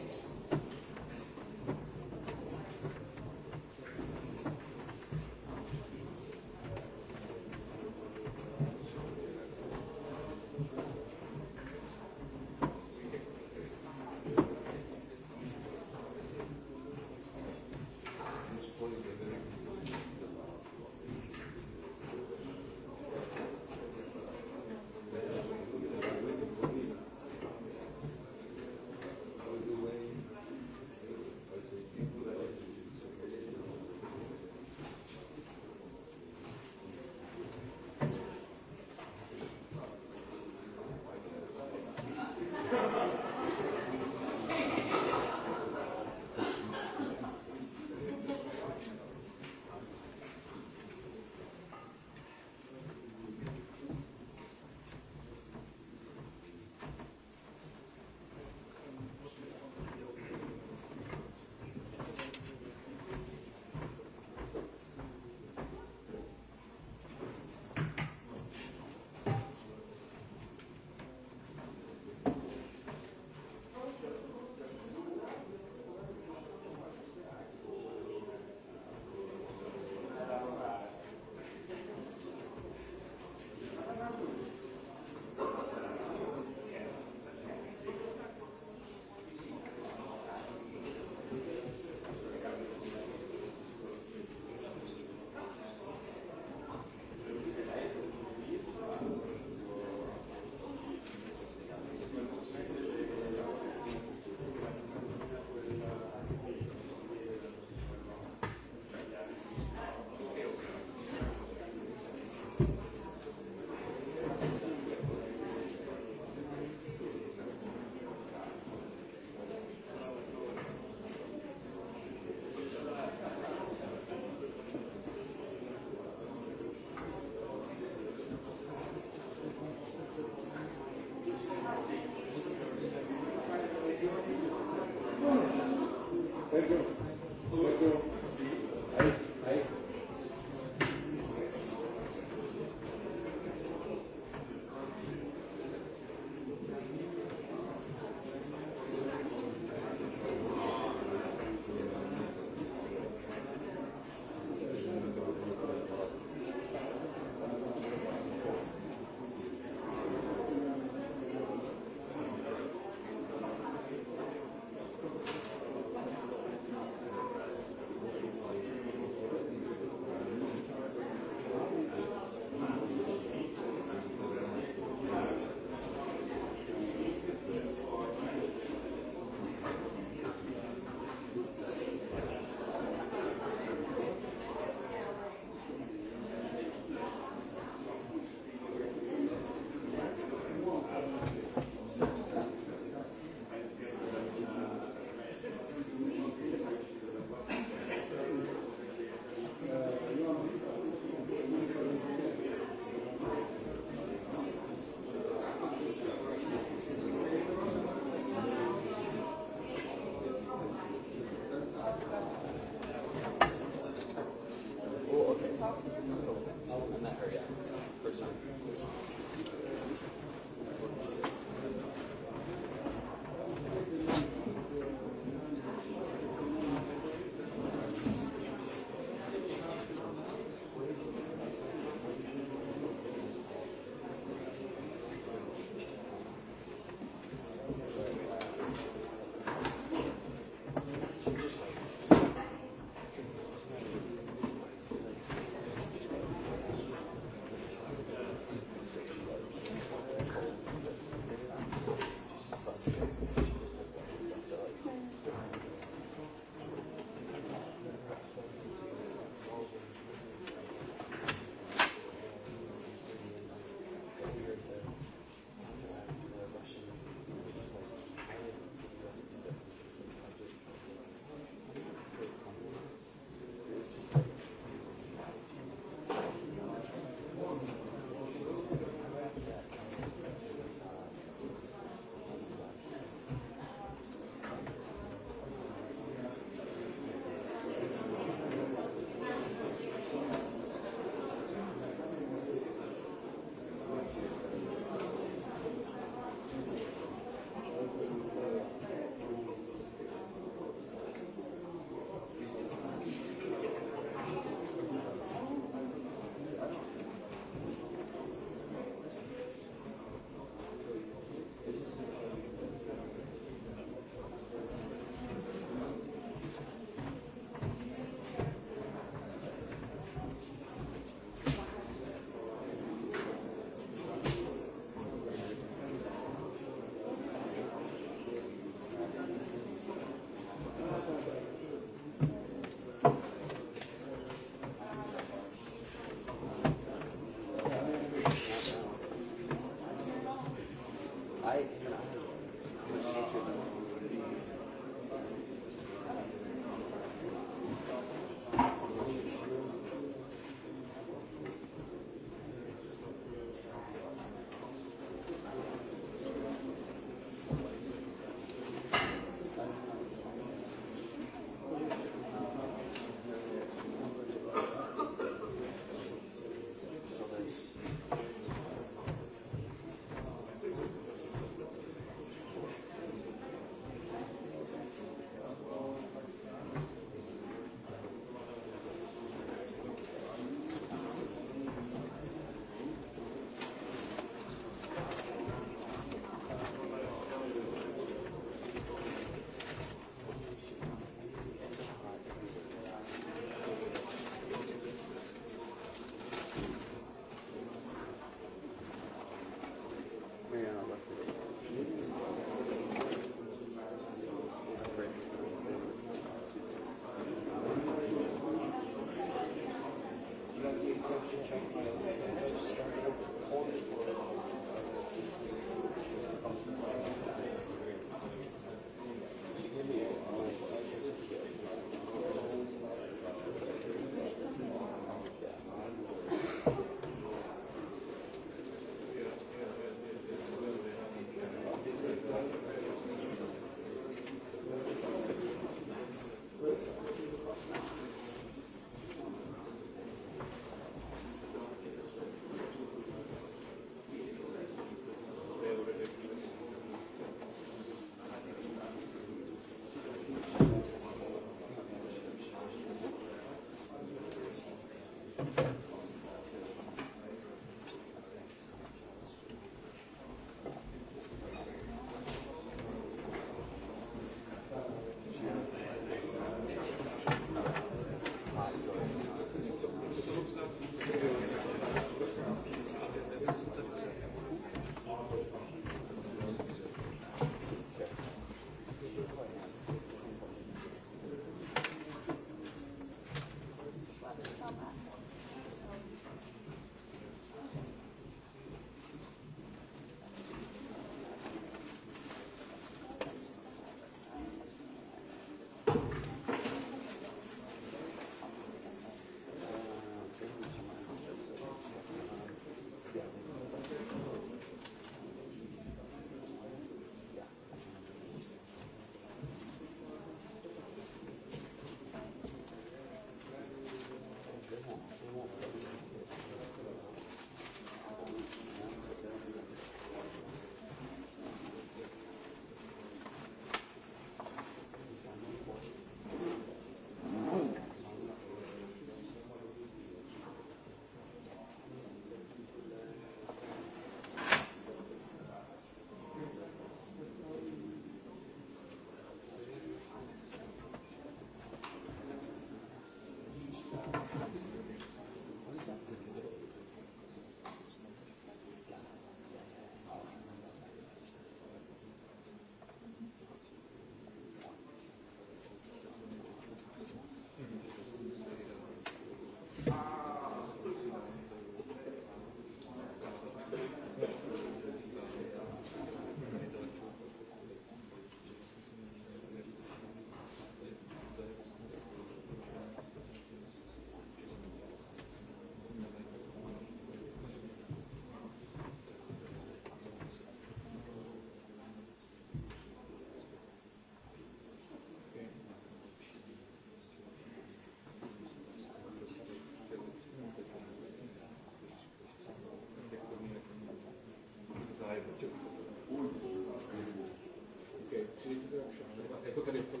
Jako tady v tom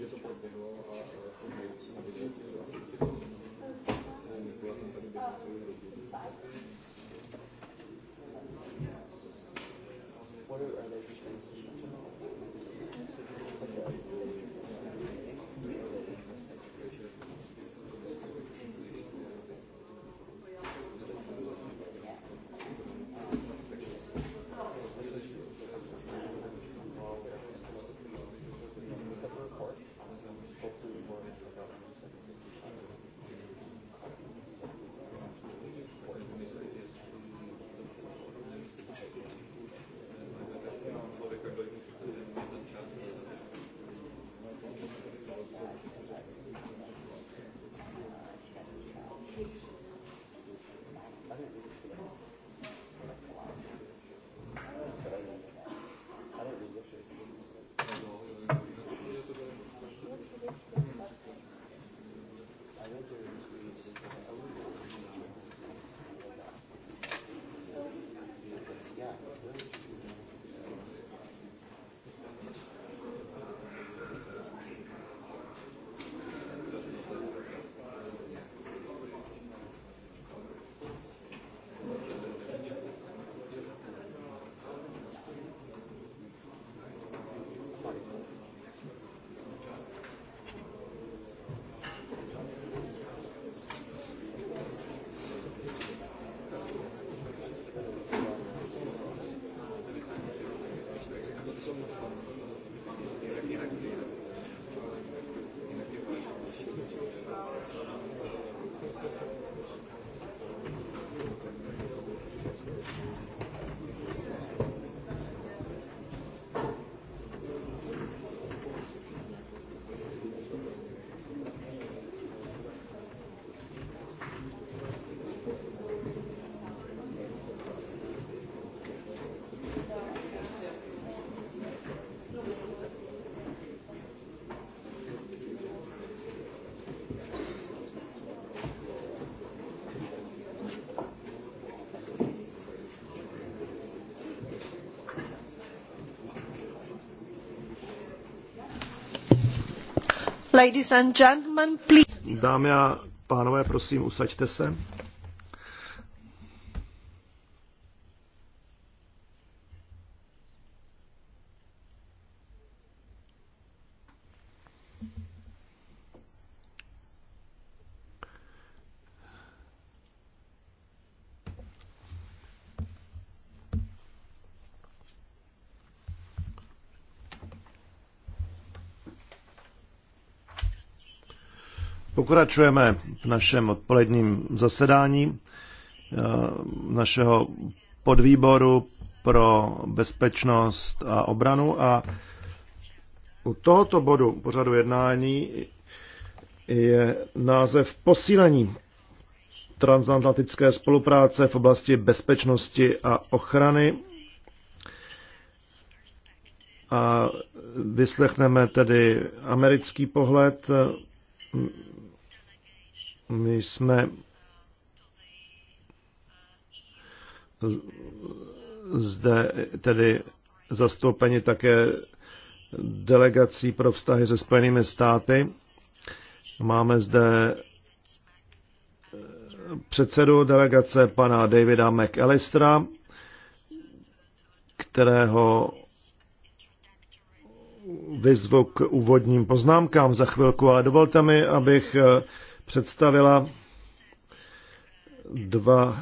že to proběhlo Dámy a pánové, prosím, usaďte se. Pokračujeme v našem odpoledním zasedání eh, našeho podvýboru pro bezpečnost a obranu a u tohoto bodu pořadu jednání je název posílení transatlantické spolupráce v oblasti bezpečnosti a ochrany a vyslechneme tedy americký pohled my jsme zde tedy zastoupeni také delegací pro vztahy se Spojenými státy. Máme zde předsedu delegace pana Davida McAllistera, kterého vyzvu k úvodním poznámkám za chvilku, ale dovolte mi, abych představila dva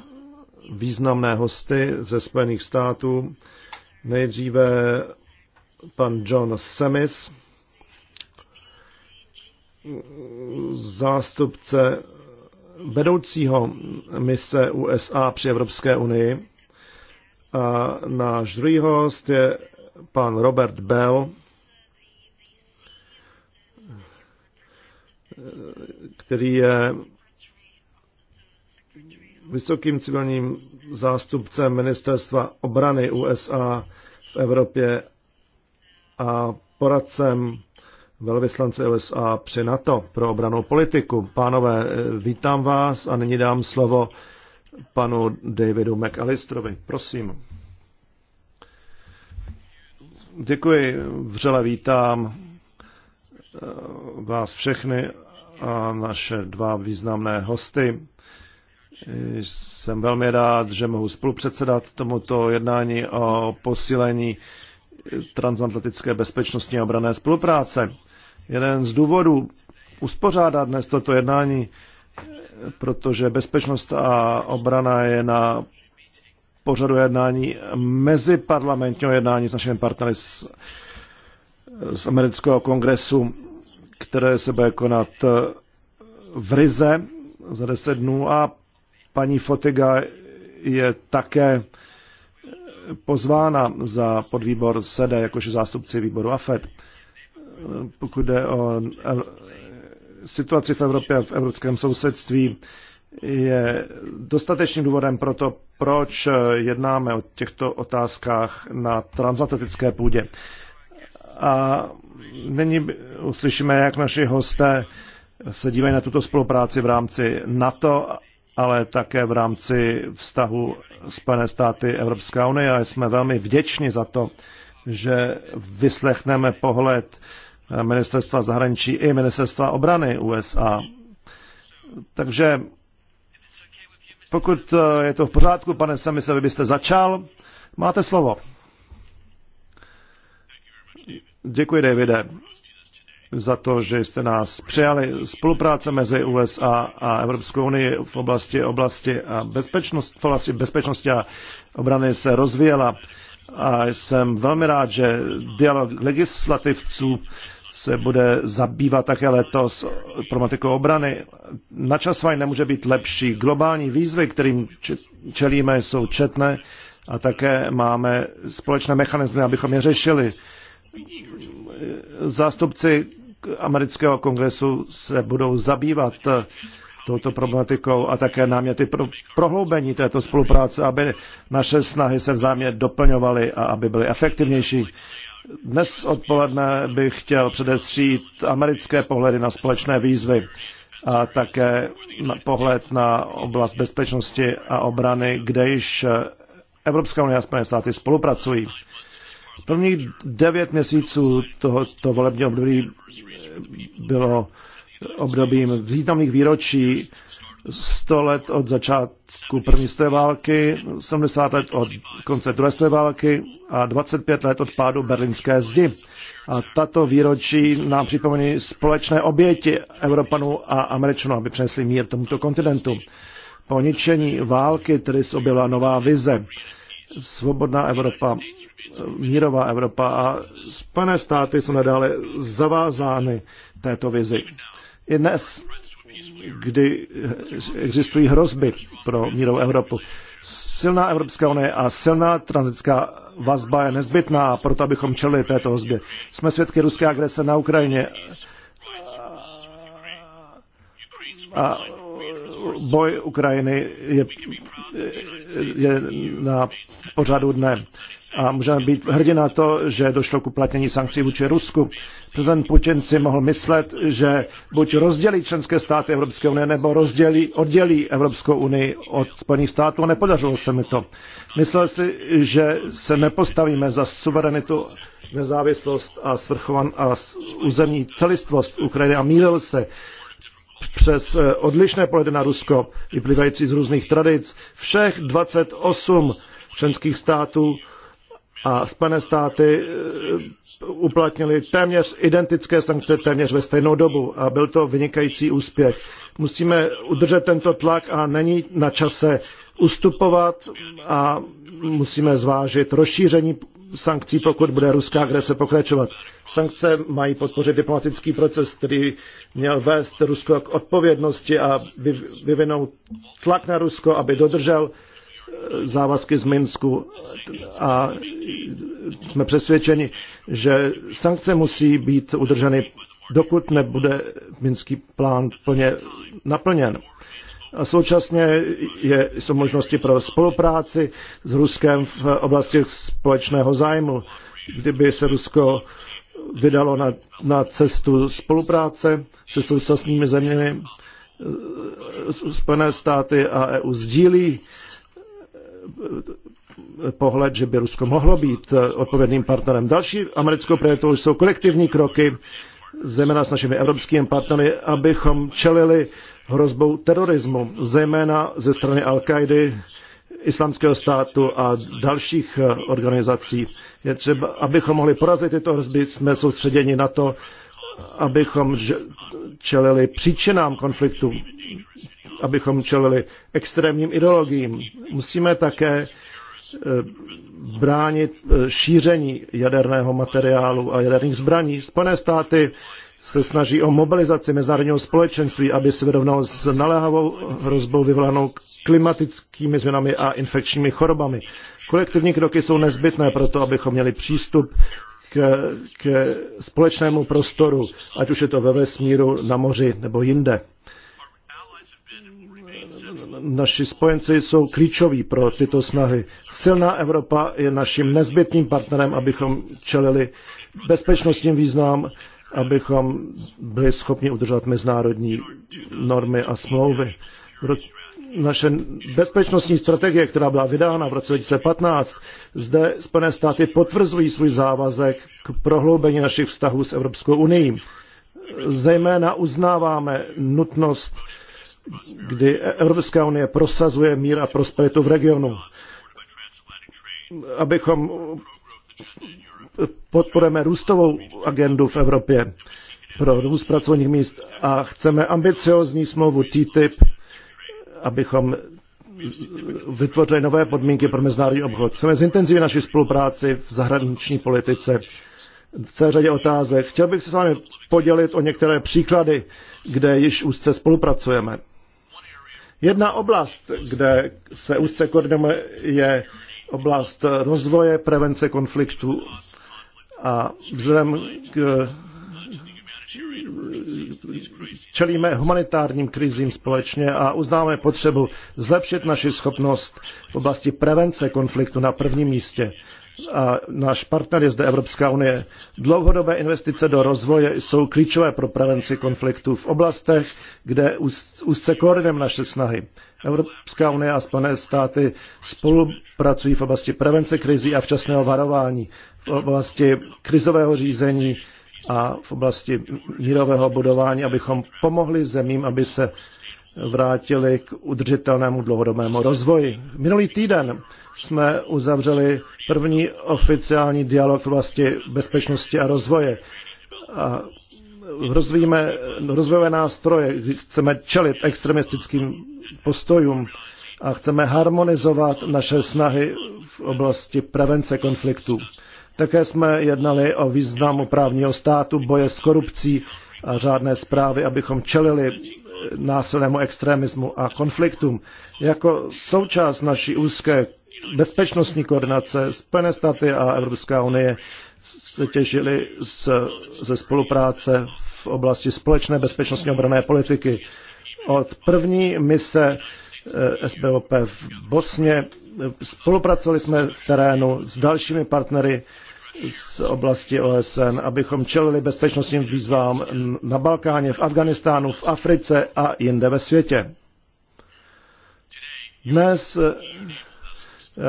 významné hosty ze Spojených států. Nejdříve pan John Semis, zástupce vedoucího mise USA při Evropské unii. A náš druhý host je pan Robert Bell, který je vysokým civilním zástupcem ministerstva obrany USA v Evropě a poradcem velvyslance USA při NATO pro obranou politiku. Pánové, vítám vás a nyní dám slovo panu Davidu McAllisterovi. Prosím. Děkuji, vřele vítám eh, vás všechny a naše dva významné hosty. Jsem velmi rád, že mohu spolupředsedat tomuto jednání o posílení transatlantické bezpečnostní a obrané spolupráce. Jeden z důvodů uspořádat dnes toto jednání, protože bezpečnost a obrana je na pořadu jednání mezi parlamentního jednání s našimi partnery z, z amerického kongresu které se bude konat eh, v Rize za 10 dnů a paní Fotiga je také eh, pozvána za podvýbor SEDE, jakože zástupci výboru AFED. Eh, pokud jde o situaci v Evropě a v evropském sousedství, je dostatečným důvodem pro to, proč jednáme o těchto otázkách na transatlantické půdě. A nyní uslyšíme, jak naši hosté se dívají na tuto spolupráci v rámci NATO, ale také v rámci vztahu Spojené státy Evropská unie a jsme velmi vděční za to, že vyslechneme pohled ministerstva zahraničí i ministerstva obrany USA. Takže pokud je to v pořádku, pane Sami, vy byste začal, máte slovo. Děkuji, Davide, za to, že jste nás přijali. Spolupráce mezi USA a Evropskou unii v oblasti, oblasti a bezpečnost, v oblasti bezpečnosti a obrany se rozvíjela a jsem velmi rád, že dialog legislativců se bude zabývat také letos problematikou obrany. Načasování nemůže být lepší. Globální výzvy, kterým čelíme, jsou četné a také máme společné mechanizmy, abychom je řešili zástupci amerického kongresu se budou zabývat eh, touto problematikou a také náměty pro prohloubení této spolupráce, aby naše snahy se vzájemně doplňovaly a aby byly efektivnější. Dnes odpoledne bych chtěl předestřít americké pohledy na společné výzvy a také na pohled na oblast bezpečnosti a obrany, kde již Evropská unie a Spojené státy spolupracují. Prvních devět měsíců tohoto volebního období bylo obdobím významných výročí 100 let od začátku první světové války, 70 let od konce druhé světové války a 25 let od pádu berlínské zdi. A tato výročí nám připomínají společné oběti Evropanů a Američanů, aby přinesli mír tomuto kontinentu. Po ničení války tedy se objevila nová vize svobodná Evropa, mírová Evropa a Spojené státy jsou nadále zavázány této vizi. I dnes, kdy existují hrozby pro mírovou Evropu, silná Evropská unie a silná transitská vazba je nezbytná proto, abychom čelili této hrozbě. Jsme svědky ruské agrese na Ukrajině a boj Ukrajiny je, je na pořadu dne. A můžeme být hrdí na to, že došlo k uplatnění sankcí vůči Rusku. Prezident Putin si mohl myslet, že buď rozdělí členské státy Evropské unie, nebo rozdělí, oddělí Evropskou unii od Spojených států a nepodařilo se mi to. Myslel si, že se nepostavíme za suverenitu nezávislost a svrchovan a územní celistvost Ukrajiny a mílil se přes eh, odlišné pohledy na Rusko, vyplývající z různých tradic, všech 28 členských států a Spojené státy eh, uplatnili téměř identické sankce téměř ve stejnou dobu a byl to vynikající úspěch. Musíme udržet tento tlak a není na čase ustupovat a musíme zvážit rozšíření sankcí, pokud bude ruská agrese pokračovat. Sankce mají podpořit diplomatický proces, který měl vést Rusko k odpovědnosti a vyvinout tlak na Rusko, aby dodržel eh, závazky z Minsku a jsme přesvědčeni, že sankce musí být udrženy, dokud nebude minský plán plně naplněn. A současně je, jsou možnosti pro spolupráci s Ruskem v oblasti společného zájmu. Kdyby se Rusko vydalo na, na cestu spolupráce se současnými zeměmi, Spojené státy a EU sdílí pohled, že by Rusko mohlo být odpovědným partnerem. Další americkou prioritou jsou kolektivní kroky zejména s našimi evropskými partnery, abychom čelili hrozbou terorismu, zejména ze strany al qaidi islamského státu a dalších eh, organizací. Je třeba, abychom mohli porazit tyto hrozby, jsme soustředěni na to, abychom čelili příčinám konfliktu, abychom čelili extrémním ideologiím. Musíme také Eh, bránit eh, šíření jaderného materiálu a jaderných zbraní. Spojené státy se snaží o mobilizaci mezinárodního společenství, aby se vyrovnalo s naléhavou hrozbou vyvolanou klimatickými změnami a infekčními chorobami. Kolektivní kroky jsou nezbytné pro to, abychom měli přístup k, k společnému prostoru, ať už je to ve vesmíru, na moři nebo jinde naši spojenci jsou klíčoví pro tyto snahy. Silná Evropa je naším nezbytným partnerem, abychom čelili bezpečnostním význam, abychom byli schopni udržovat mezinárodní normy a smlouvy. Naše bezpečnostní strategie, která byla vydána v roce 2015, zde Spojené státy potvrzují svůj závazek k prohloubení našich vztahů s Evropskou unii. Zejména uznáváme nutnost kdy Evropská unie prosazuje mír a prosperitu v regionu. Abychom podporujeme růstovou agendu v Evropě pro růst pracovních míst a chceme ambiciozní smlouvu TTIP, abychom vytvořili nové podmínky pro mezinárodní obchod. Chceme zintenzivnit naši spolupráci v zahraniční politice v celé řadě otázek. Chtěl bych se s vámi podělit o některé příklady kde již úzce spolupracujeme. Jedna oblast, kde se úzce koordinujeme, je oblast rozvoje, prevence konfliktu a vzhledem k čelíme humanitárním krizím společně a uznáme potřebu zlepšit naši schopnost v oblasti prevence konfliktu na prvním místě a náš partner je zde Evropská unie. Dlouhodobé investice do rozvoje jsou klíčové pro prevenci konfliktů v oblastech, kde úzce koordinujeme naše snahy. Evropská unie a Spojené státy spolupracují v oblasti prevence krizí a včasného varování, v oblasti krizového řízení a v oblasti mírového budování, abychom pomohli zemím, aby se vrátili k udržitelnému dlouhodobému rozvoji. Minulý týden jsme uzavřeli první oficiální dialog v oblasti bezpečnosti a rozvoje. A rozvíjíme rozvojové nástroje, chceme čelit extremistickým postojům a chceme harmonizovat naše snahy v oblasti prevence konfliktů. Také jsme jednali o významu právního státu, boje s korupcí a řádné zprávy, abychom čelili násilnému extremismu a konfliktům. Jako součást naší úzké bezpečnostní koordinace Spojené státy a Evropská unie se těžily z, ze spolupráce v oblasti společné bezpečnostní obrané politiky. Od první mise eh, SBOP v Bosně eh, spolupracovali jsme v terénu s dalšími partnery z oblasti OSN, abychom čelili bezpečnostním výzvám na Balkáně, v Afganistánu, v Africe a jinde ve světě. Dnes eh,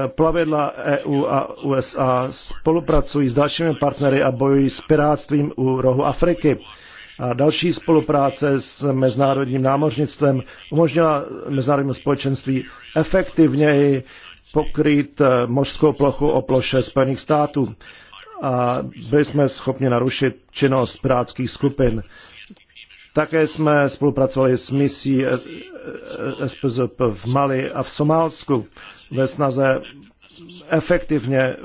plavidla EU a USA spolupracují s dalšími partnery a bojují s piráctvím u rohu Afriky. A další spolupráce s mezinárodním námořnictvem umožnila mezinárodnímu společenství efektivněji pokrýt eh, mořskou plochu o ploše Spojených států a byli jsme schopni narušit činnost pirátských skupin. Také jsme spolupracovali s misí SPZP v Mali a v Somálsku ve snaze efektivně eh,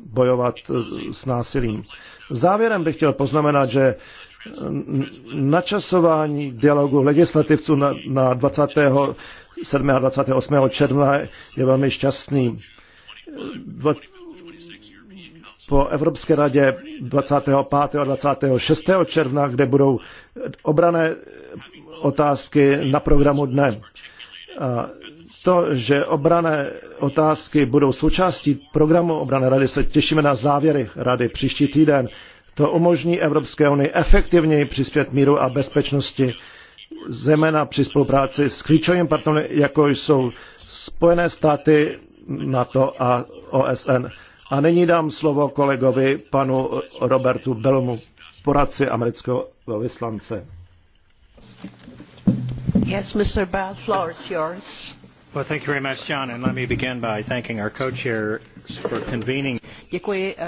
bojovat eh, s násilím. Závěrem bych chtěl poznamenat, že načasování dialogu legislativců na, na 27. a 28. června je velmi šťastný po Evropské radě 25. a 26. června, kde budou obrané otázky na programu dne. A to, že obrané otázky budou součástí programu obrané rady, se těšíme na závěry rady příští týden. To umožní Evropské unii efektivněji přispět míru a bezpečnosti, zejména při spolupráci s klíčovým partnery, jako jsou Spojené státy, NATO a OSN. A nyní dám slovo kolegovi panu Robertu Belmu, poradci amerického vyslance. Yes, Mr. Bell, floor is yours. Well, thank you very much, John, and let me begin by thanking our co-chair for convening. Děkuji eh,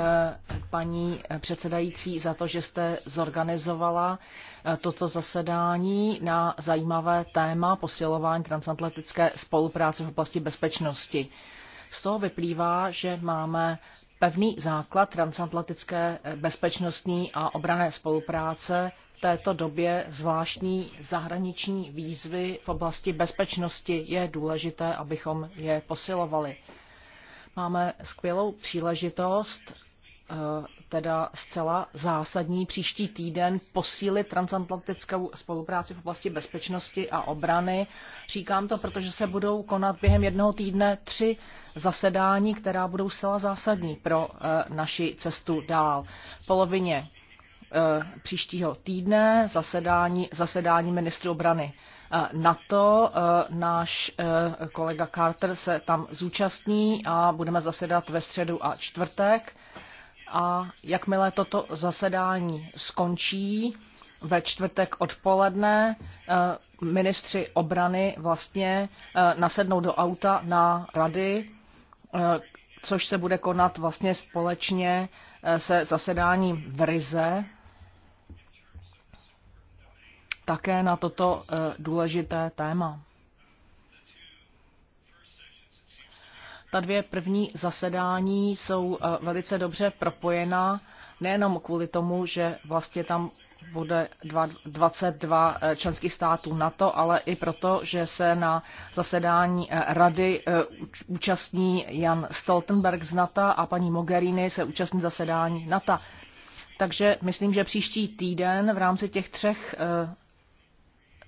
paní předsedající za to, že jste zorganizovala eh, toto zasedání na zajímavé téma posilování transatlantické spolupráce v oblasti bezpečnosti. Z toho vyplývá, že máme pevný základ transatlantické eh, bezpečnostní a obrané spolupráce v této době zvláštní zahraniční výzvy v oblasti bezpečnosti je důležité, abychom je posilovali. Máme skvělou příležitost eh, teda zcela zásadní příští týden posílit transatlantickou spolupráci v oblasti bezpečnosti a obrany. Říkám to, protože se budou konat během jednoho týdne tři zasedání, která budou zcela zásadní pro eh, naši cestu dál. V polovině eh, příštího týdne zasedání, zasedání ministru obrany eh, Na to Náš kolega Carter se tam zúčastní a budeme zasedat ve středu a čtvrtek a jakmile toto zasedání skončí ve čtvrtek odpoledne, eh, ministři obrany vlastně eh, nasednou do auta na rady, eh, což se bude konat vlastně společně se zasedáním v Rize. Také na toto důležité téma. Ta dvě první zasedání jsou eh, velice dobře propojená, nejenom kvůli tomu, že vlastně tam bude 22 eh, členských států NATO, ale i proto, že se na zasedání eh, rady účastní Jan Stoltenberg z NATO a paní Mogherini se účastní zasedání NATO. Takže myslím, že příští týden v rámci těch třech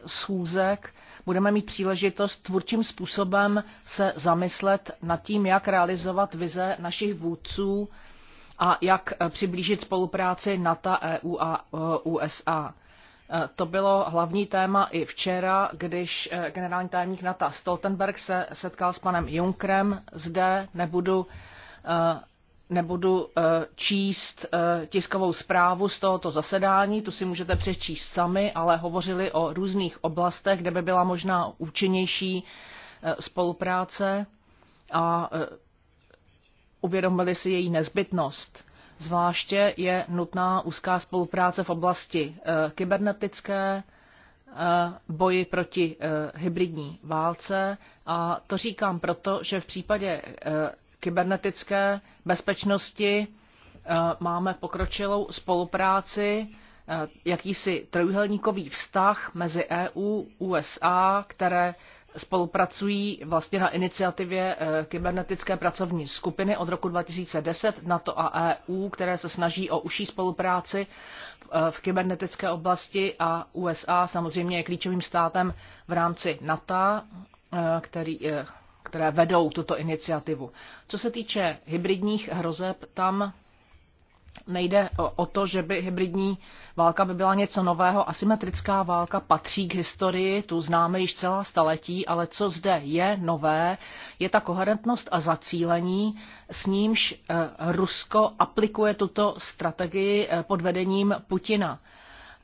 schůzek budeme mít příležitost tvůrčím způsobem se zamyslet nad tím, jak realizovat vize našich vůdců a jak eh, přiblížit spolupráci NATO, EU a eh, USA. Eh, to bylo hlavní téma i včera, když generální tajemník NATO Stoltenberg se setkal s panem Junkrem zde. Nebudu nebudu eh, číst eh, tiskovou zprávu z tohoto zasedání, tu si můžete přečíst sami, ale hovořili o různých oblastech, kde by byla možná účinnější eh, spolupráce a uvědomili si její nezbytnost. Zvláště je nutná úzká spolupráce v oblasti kybernetické, boji proti hybridní válce. A to říkám proto, že v případě kybernetické bezpečnosti eh, máme pokročilou spolupráci, eh, jakýsi trojuhelníkový vztah mezi EU, USA, které spolupracují vlastně na iniciativě eh, kybernetické pracovní skupiny od roku 2010 NATO a EU, které se snaží o užší spolupráci v kybernetické oblasti a USA samozřejmě je klíčovým státem v rámci NATO, který které vedou tuto iniciativu. Co se týče hybridních hrozeb, tam nejde o, to, že by hybridní válka by byla něco nového. Asymetrická válka patří k historii, tu známe již celá staletí, ale co zde je nové, je ta koherentnost a zacílení, s nímž eh, Rusko aplikuje tuto strategii eh, pod vedením Putina.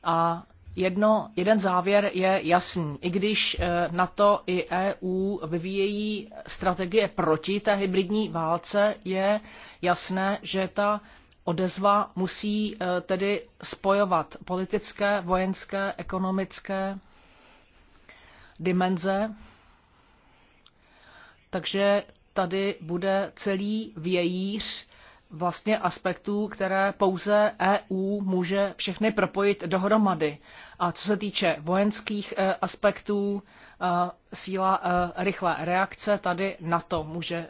A jedno, jeden závěr je jasný. I když eh, NATO i EU vyvíjejí strategie proti té hybridní válce, je jasné, že ta odezva musí eh, tedy spojovat politické, vojenské, ekonomické dimenze. Takže tady bude celý vějíř vlastně aspektů, které pouze EU může všechny propojit dohromady. A co se týče vojenských eh, aspektů, eh, síla eh, rychlé reakce, tady na to může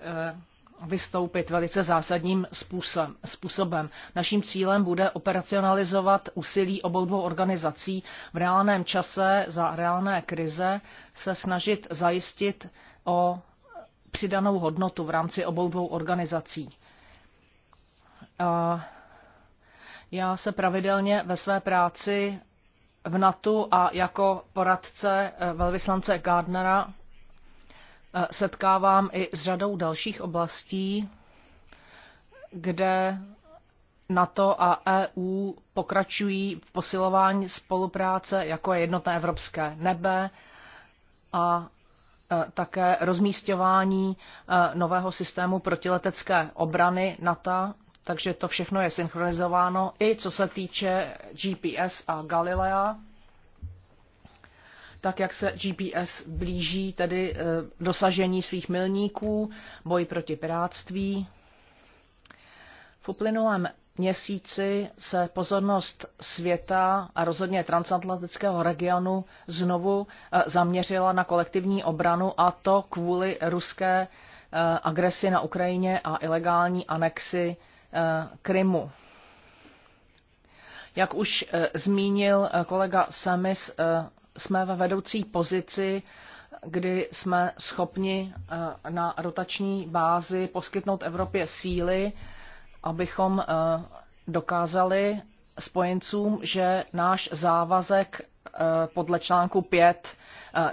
vystoupit velice zásadním způsobem. Naším cílem bude operacionalizovat úsilí obou dvou organizací v reálném čase za reálné krize se snažit zajistit o přidanou hodnotu v rámci obou dvou organizací já se pravidelně ve své práci v NATO a jako poradce eh, velvyslance Gardnera eh, setkávám i s řadou dalších oblastí, kde NATO a EU e pokračují v posilování spolupráce, jako je jednotné evropské nebe a eh, také rozmístování nového systému protiletecké obrany NATO takže to všechno je synchronizováno i co se týče GPS a Galilea, tak jak se GPS blíží tedy eh, dosažení svých milníků, boj proti piráctví. V uplynulém měsíci se pozornost světa a rozhodně transatlantického regionu znovu eh, zaměřila na kolektivní obranu a to kvůli ruské eh, agresi na Ukrajině a ilegální anexi Eh, Krymu. Jak už eh, zmínil eh, kolega Samis, jsme ve vedoucí pozici, kdy jsme schopni na rotační bázi poskytnout Evropě síly, abychom dokázali spojencům, že náš závazek podle článku 5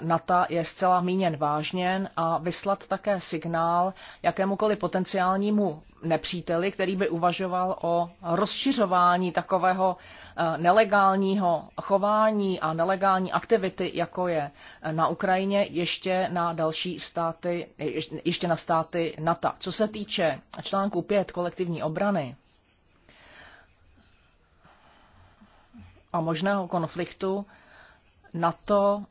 NATO je zcela míněn vážněn a vyslat také signál jakémukoliv potenciálnímu nepříteli, který by uvažoval o rozšiřování takového eh, nelegálního chování a nelegální aktivity, jako je eh, na Ukrajině, ještě na další státy, ještě na státy NATO. Co se týče článku 5 kolektivní obrany a možného konfliktu, NATO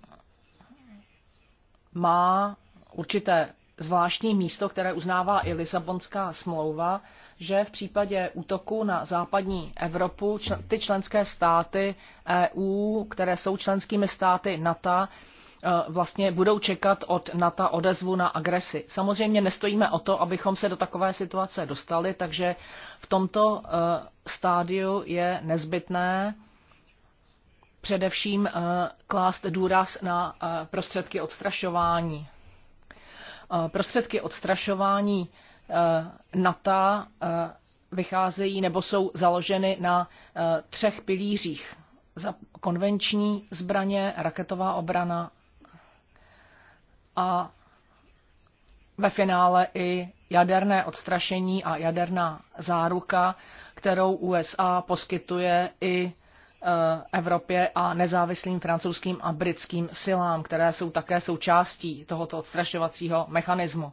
má určité zvláštní místo, které uznává i Lisabonská smlouva, že v případě útoku na západní Evropu čl- ty členské státy EU, které jsou členskými státy NATO, e, vlastně budou čekat od NATO odezvu na agresi. Samozřejmě nestojíme o to, abychom se do takové situace dostali, takže v tomto e, stádiu je nezbytné především e, klást důraz na prostředky odstrašování Eh, prostředky odstrašování eh, NATO eh, vycházejí nebo jsou založeny na třech pilířích. Za konvenční zbraně, raketová obrana a ve finále i jaderné odstrašení a jaderná záruka, kterou USA poskytuje i Eh, Evropě a nezávislým francouzským a britským silám, které jsou také součástí tohoto odstrašovacího mechanismu.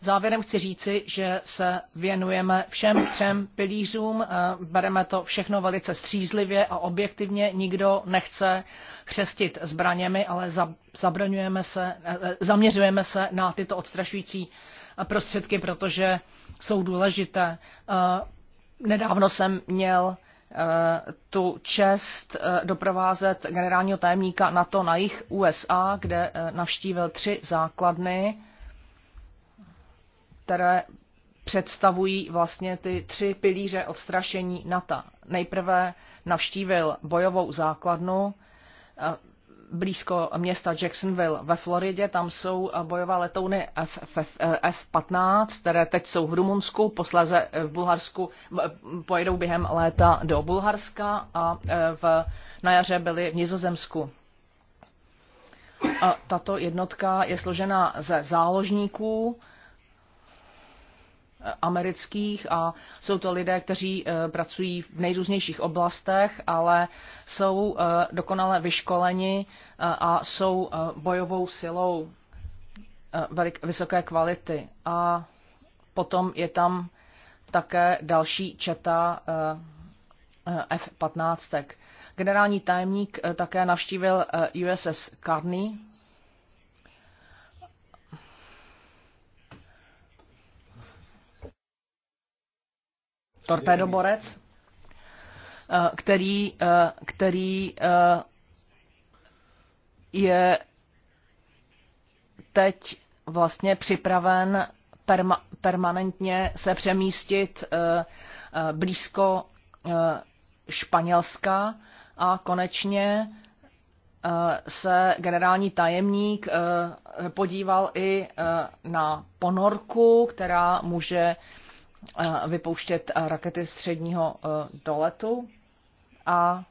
Závěrem chci říci, že se věnujeme všem třem pilířům, eh, bereme to všechno velice střízlivě a objektivně, nikdo nechce křestit zbraněmi, ale zabraňujeme se, eh, zaměřujeme se na tyto odstrašující prostředky, protože jsou důležité. Nedávno jsem měl Eh, tu čest eh, doprovázet generálního tajemníka NATO na jich USA, kde eh, navštívil tři základny, které představují vlastně ty tři pilíře odstrašení NATO. Nejprve navštívil bojovou základnu, blízko města Jacksonville ve Floridě. Tam jsou eh, bojové letouny F, F, eh, F-15, které teď jsou v Rumunsku, posléze eh, v Bulharsku pojedou během léta do Bulharska a v, na jaře byly v Nizozemsku. A tato jednotka je složena ze záložníků, amerických a jsou to lidé, kteří eh, pracují v nejrůznějších oblastech, ale jsou eh, dokonale vyškoleni eh, a jsou bojovou silou vysoké kvality. A potom je tam také další četa F-15. Generální tajemník také navštívil USS Carney torpédoborec, eh, který, eh, který eh, je teď vlastně připraven perma, permanentně se přemístit blízko Španělska a konečně se generální tajemník podíval i na ponorku, která může vypouštět rakety středního e, doletu a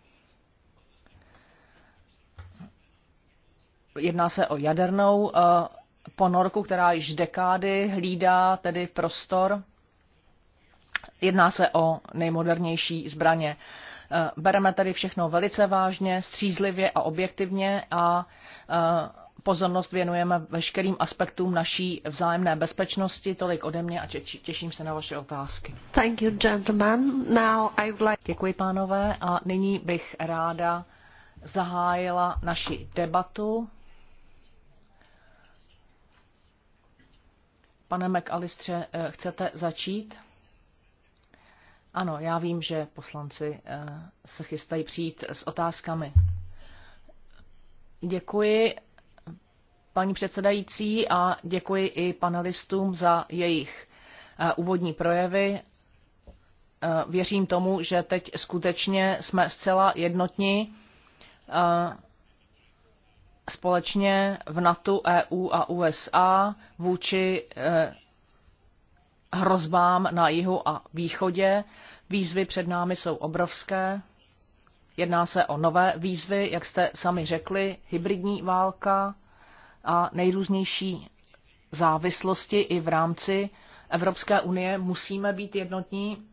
jedná se o jadernou e, ponorku, která již dekády hlídá tedy prostor. Jedná se o nejmodernější zbraně. E, bereme tedy všechno velice vážně, střízlivě a objektivně a pozornost věnujeme veškerým aspektům naší vzájemné bezpečnosti. Tolik ode mě a těším se na vaše otázky. Thank you, gentlemen. Now I would like... Děkuji, pánové. A nyní bych ráda zahájila naši debatu. Pane McAllistře, eh, chcete začít? Ano, já vím, že poslanci eh, se chystají přijít s otázkami. Děkuji paní předsedající, a děkuji i panelistům za jejich eh, úvodní projevy. Eh, věřím tomu, že teď skutečně jsme zcela jednotní eh, společně v NATO, EU a USA vůči hrozbám na jihu a východě. Výzvy před námi jsou obrovské. Jedná se o nové výzvy, jak jste sami řekli, hybridní válka, a nejrůznější závislosti i v rámci Evropské unie musíme být jednotní.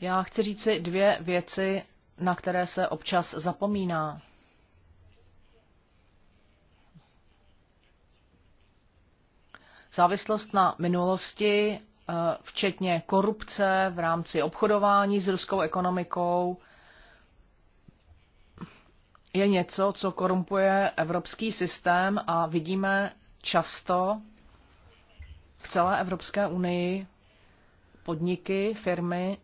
Já chci říci dvě věci, na které se občas zapomíná. Závislost na minulosti Eh, včetně korupce v rámci obchodování s ruskou ekonomikou, je něco, co korumpuje evropský systém a vidíme často v celé Evropské unii podniky, firmy,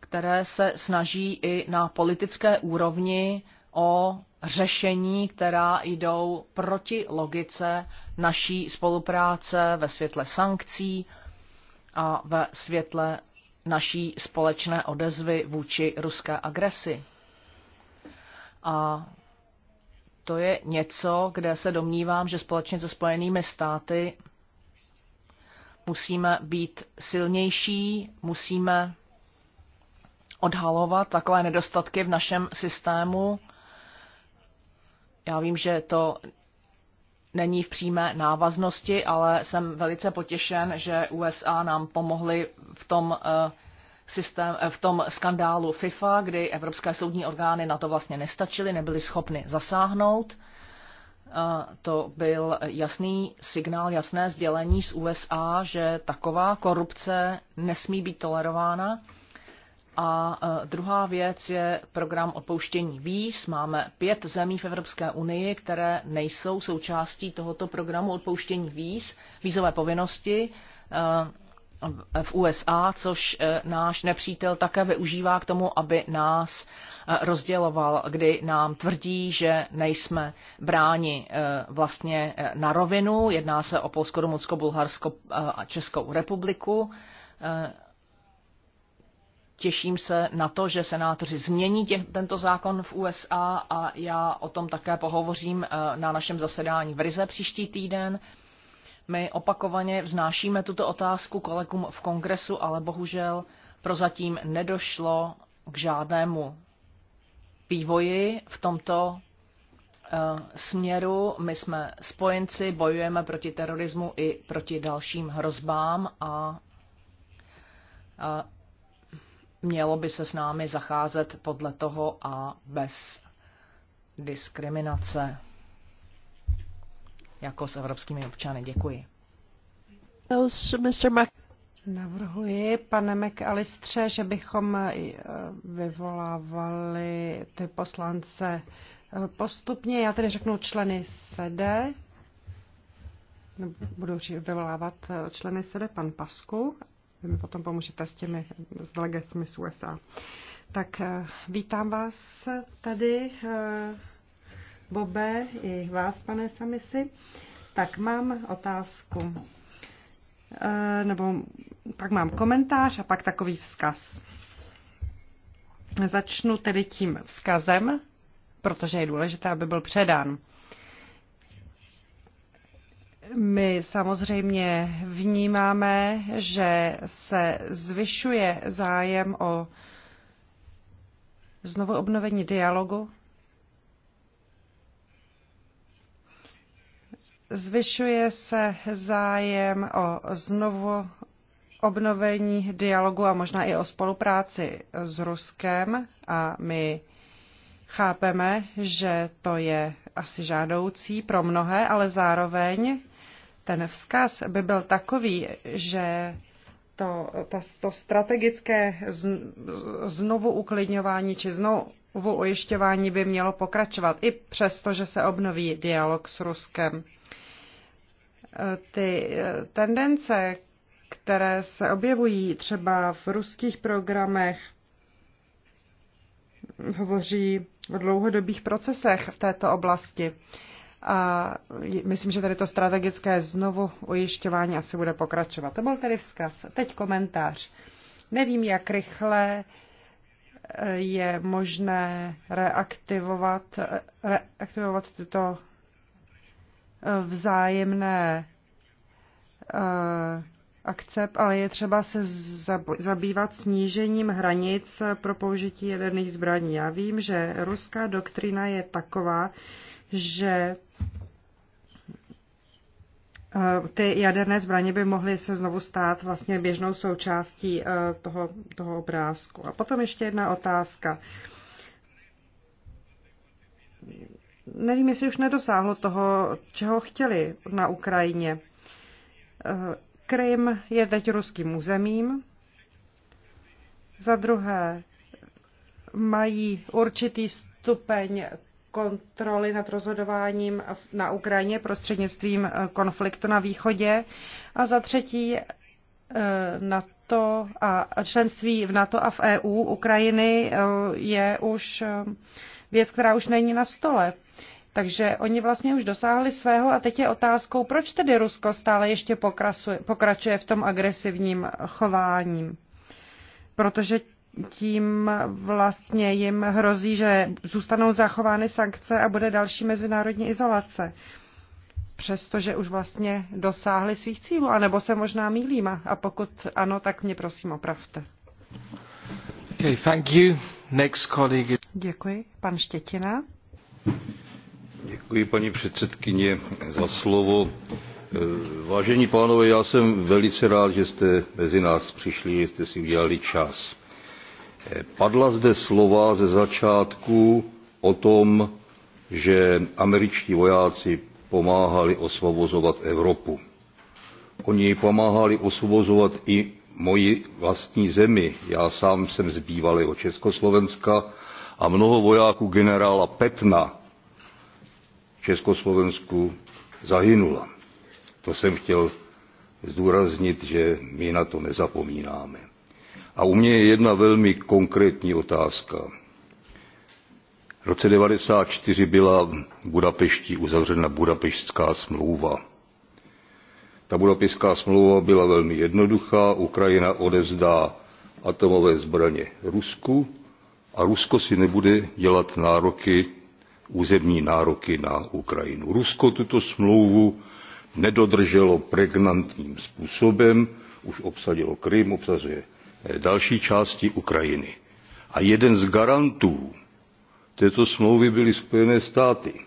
které se snaží i na politické úrovni o řešení, která jdou proti logice naší spolupráce ve světle sankcí a ve světle naší společné odezvy vůči ruské agresi. A to je něco, kde se domnívám, že společně se Spojenými státy musíme být silnější, musíme odhalovat takové nedostatky v našem systému já vím, že to není v přímé návaznosti, ale jsem velice potěšen, že USA nám pomohly v tom, eh, systém, eh, v tom skandálu FIFA, kdy evropské soudní orgány na to vlastně nestačily, nebyly schopny zasáhnout. Eh, to byl jasný signál, jasné sdělení z USA, že taková korupce nesmí být tolerována a e, druhá věc je program odpouštění víz. Máme pět zemí v Evropské unii, které nejsou součástí tohoto programu odpouštění víz, vízové povinnosti e, v USA, což e, náš nepřítel také využívá k tomu, aby nás rozděloval, kdy nám tvrdí, že nejsme bráni vlastně na rovinu. Jedná se o Polsko, Rumunsko, Bulharsko a Českou republiku Těším se na to, že senátoři změní tě, tento zákon v USA a já o tom také pohovořím eh, na našem zasedání v Rize příští týden. My opakovaně vznášíme tuto otázku kolegům v kongresu, ale bohužel prozatím nedošlo k žádnému vývoji v tomto eh, směru. My jsme spojenci, bojujeme proti terorismu i proti dalším hrozbám a mělo by se s námi zacházet podle toho a bez diskriminace jako s evropskými občany. Děkuji. Navrhuji, pane McAllistře, že bychom eh, vyvolávali ty poslance eh, postupně. Já tedy řeknu členy sede. Budu vyvolávat eh, členy sede pan Pasku vy mi potom pomůžete s těmi s delegacemi z USA. Tak eh, vítám vás tady, eh, Bobe, i vás, pane Samisi. Tak mám otázku. Eh, nebo pak mám komentář a pak takový vzkaz. Začnu tedy tím vzkazem, protože je důležité, aby byl předán. My samozřejmě vnímáme, že se zvyšuje zájem o znovu obnovení dialogu. Zvyšuje se zájem o znovu obnovení dialogu a možná i o spolupráci s Ruskem a my chápeme, že to je asi žádoucí pro mnohé, ale zároveň ten vzkaz by byl takový, že to, to, to strategické znovu uklidňování či znovu ujišťování by mělo pokračovat i přesto, že se obnoví dialog s Ruskem. Ty tendence, které se objevují třeba v ruských programech, hovoří o dlouhodobých procesech v této oblasti. A myslím, že tady to strategické znovu ujišťování asi bude pokračovat. To byl tedy vzkaz. Teď komentář. Nevím, jak rychle eh, je možné reaktivovat, eh, reaktivovat tyto eh, vzájemné akcept, ale je třeba se zabývat snížením hranic pro použití jaderných zbraní. Já vím, že ruská doktrina je taková, že Eh, ty jaderné zbraně by mohly se znovu stát vlastně běžnou součástí eh, toho, toho obrázku. A potom ještě jedna otázka. Nevím, jestli už nedosáhlo toho, čeho chtěli na Ukrajině. Eh, Krym je teď ruským územím. Za druhé, mají určitý stupeň kontroly nad rozhodováním na Ukrajině prostřednictvím eh, konfliktu na východě a za třetí eh, NATO a členství v NATO a v EU Ukrajiny eh, je už věc, která už není na stole. Takže oni vlastně už dosáhli svého a teď je otázkou, proč tedy Rusko stále ještě pokračuje v tom agresivním chování. Protože tím vlastně jim hrozí, že zůstanou zachovány sankce a bude další mezinárodní izolace. Přestože už vlastně dosáhli svých cílů, anebo se možná mýlím. A pokud ano, tak mě prosím opravte. Okay, thank you. Next colleague. Děkuji. Pan Štětina. Děkuji, paní předsedkyně, za slovo. E, vážení pánové, já jsem velice rád, že jste mezi nás přišli, že jste si udělali čas Padla zde slova ze začátku o tom, že američtí vojáci pomáhali osvobozovat Evropu. Oni pomáhali osvobozovat i moji vlastní zemi. Já sám jsem z bývalého Československa a mnoho vojáků generála Petna v Československu zahynula. To jsem chtěl zdůraznit, že my na to nezapomínáme. A u mě je jedna velmi konkrétní otázka. V roce 1994 byla v Budapešti uzavřena budapešťská smlouva. Ta budapešťská smlouva byla velmi jednoduchá. Ukrajina odevzdá atomové zbraně Rusku a Rusko si nebude dělat nároky, územní nároky na Ukrajinu. Rusko tuto smlouvu nedodrželo pregnantním způsobem, už obsadilo Krym, obsazuje další části Ukrajiny. A jeden z garantů této smlouvy byly Spojené státy.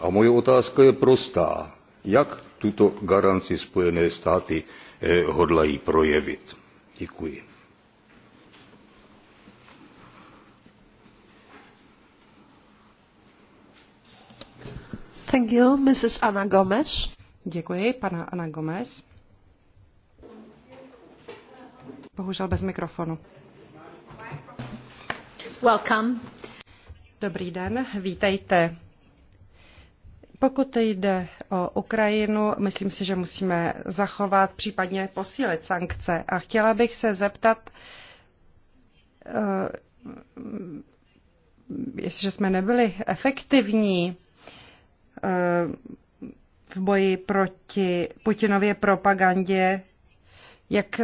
A moje otázka je prostá. Jak tuto garanci Spojené státy eh, hodlají projevit? Děkuji. Thank you, Mrs. Ana Gomez. Děkuji, pana Ana Gomez. bohužel bez mikrofonu. Welcome. Dobrý den, vítejte. Pokud jde o Ukrajinu, myslím si, že musíme zachovat, případně posílit sankce. A chtěla bych se zeptat, eh, jestliže jsme nebyli efektivní eh, v boji proti Putinově propagandě jak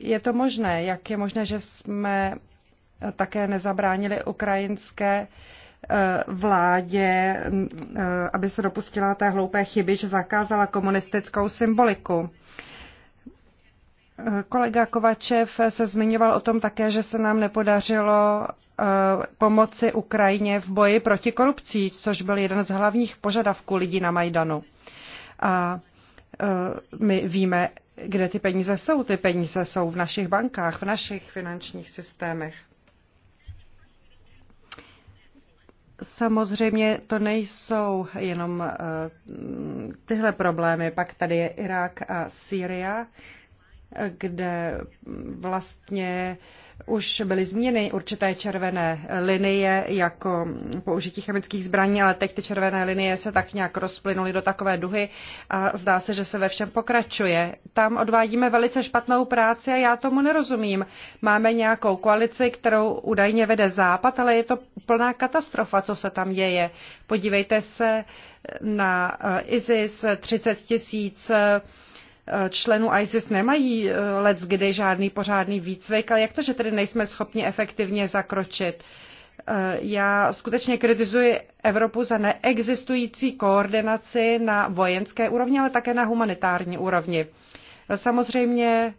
je to možné? Jak je možné, že jsme také nezabránili ukrajinské eh, vládě, eh, aby se dopustila té hloupé chyby, že zakázala komunistickou symboliku? Eh, kolega Kovačev se zmiňoval o tom také, že se nám nepodařilo pomoci Ukrajině v boji proti korupcí, což byl jeden z hlavních požadavků lidí na Majdanu. A my víme, kde ty peníze jsou. Ty peníze jsou v našich bankách, v našich finančních systémech. Samozřejmě to nejsou jenom eh, tyhle problémy. Pak tady je Irák a Sýria, kde vlastně uh, už byly změny určité červené linie jako použití chemických zbraní, ale teď ty červené linie se tak nějak rozplynuly do takové duhy a zdá se, že se ve všem pokračuje. Tam odvádíme velice špatnou práci a já tomu nerozumím. Máme nějakou koalici, kterou údajně vede Západ, ale je to plná katastrofa, co se tam děje. Podívejte se na eh, ISIS 30 tisíc 000 eh, členů ISIS nemají eh, let kdy žádný pořádný výcvik, ale jak to, že tedy nejsme schopni efektivně zakročit? Eh, já skutečně kritizuji Evropu za neexistující koordinaci na vojenské úrovni, ale také na humanitární úrovni. Eh, samozřejmě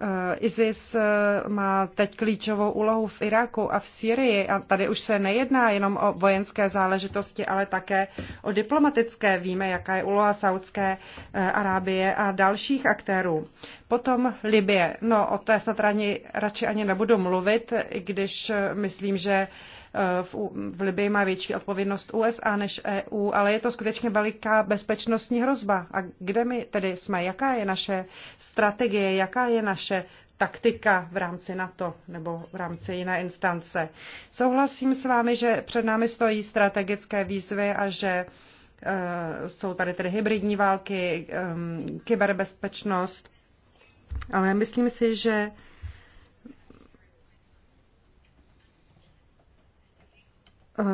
Eh, ISIS eh, má teď klíčovou úlohu v Iráku a v Syrii a tady už se nejedná jenom o vojenské záležitosti, ale také o diplomatické. Víme, jaká je úloha Saudské eh, Arábie a dalších aktérů. Potom Libie. No, o té snad radši ani nebudu mluvit, i když myslím, že v, v Libii má větší odpovědnost USA než EU, ale je to skutečně veliká bezpečnostní hrozba. A kde my tedy jsme? Jaká je naše strategie? Jaká je naše taktika v rámci NATO nebo v rámci jiné instance. Souhlasím s vámi, že před námi stojí strategické výzvy a že eh, jsou tady tedy hybridní války, ehm, kyberbezpečnost, ale myslím si, že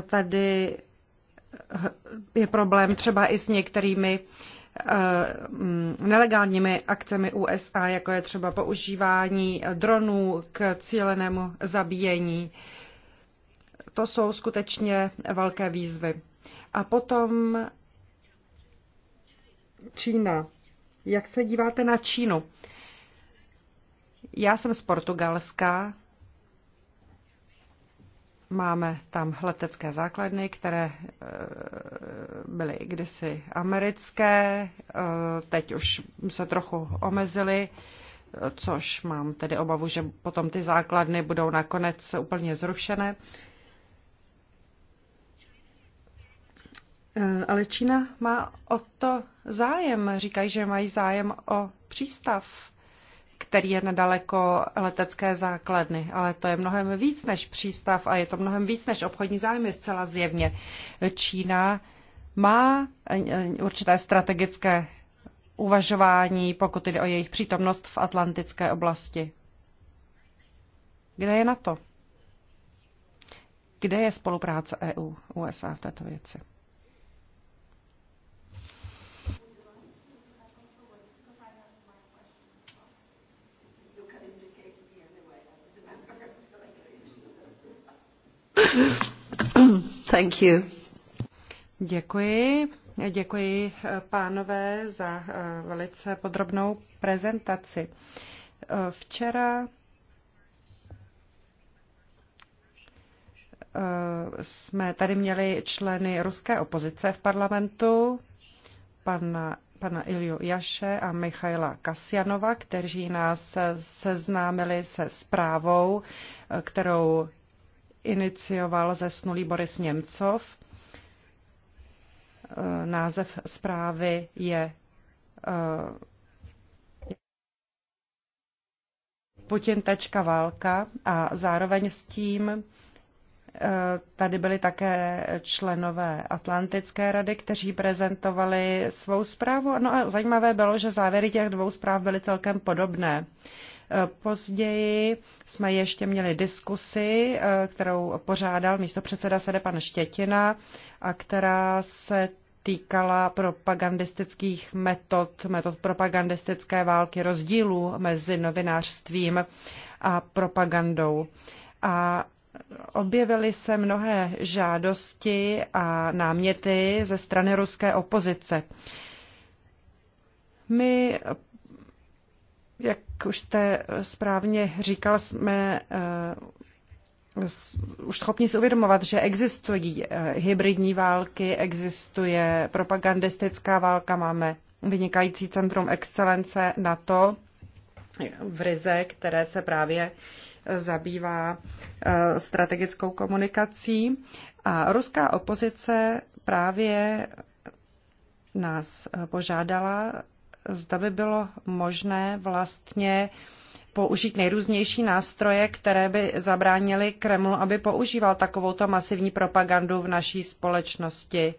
Tady je problém třeba i s některými eh, mm, nelegálními akcemi USA, jako je třeba používání dronů k cílenému zabíjení. To jsou skutečně velké výzvy. A potom Čína. Jak se díváte na Čínu? Já jsem z Portugalska Máme tam letecké základny, které eh, byly kdysi americké, eh, teď už se trochu omezily, což mám tedy obavu, že potom ty základny budou nakonec úplně zrušené. Eh, ale Čína má o to zájem. Říkají, že mají zájem o přístav který je nedaleko letecké základny. Ale to je mnohem víc než přístav a je to mnohem víc než obchodní zájmy zcela zjevně. Čína má eh, eh, určité strategické uvažování, pokud jde o jejich přítomnost v atlantické oblasti. Kde je na to? Kde je spolupráce EU-USA v této věci? Thank you. Děkuji. Děkuji eh, pánové za eh, velice podrobnou prezentaci. Eh, včera jsme tady měli členy ruské opozice v parlamentu, pana, pana Ilju Jaše a Michaila Kasjanova, kteří nás seznámili se zprávou, kterou inicioval zesnulý Boris Němcov. E, název zprávy je e, tečka válka a zároveň s tím e, Tady byli také členové Atlantické rady, kteří prezentovali svou zprávu. No a zajímavé bylo, že závěry těch dvou zpráv byly celkem podobné. Později jsme ještě měli diskusi, eh, kterou pořádal místo předseda sede pan Štětina a která se týkala propagandistických metod, metod propagandistické války, rozdílů mezi novinářstvím a propagandou. A objevily se mnohé žádosti a náměty ze strany ruské opozice. My jak už jste správně říkal, jsme eh, už schopni si uvědomovat, že existují eh, hybridní války, existuje propagandistická válka, máme vynikající centrum excelence NATO v Rize, které se právě eh, zabývá strategickou komunikací. A ruská opozice právě nás požádala zda by bylo možné vlastně použít nejrůznější nástroje, které by zabránily Kremlu, aby používal takovouto masivní propagandu v naší společnosti.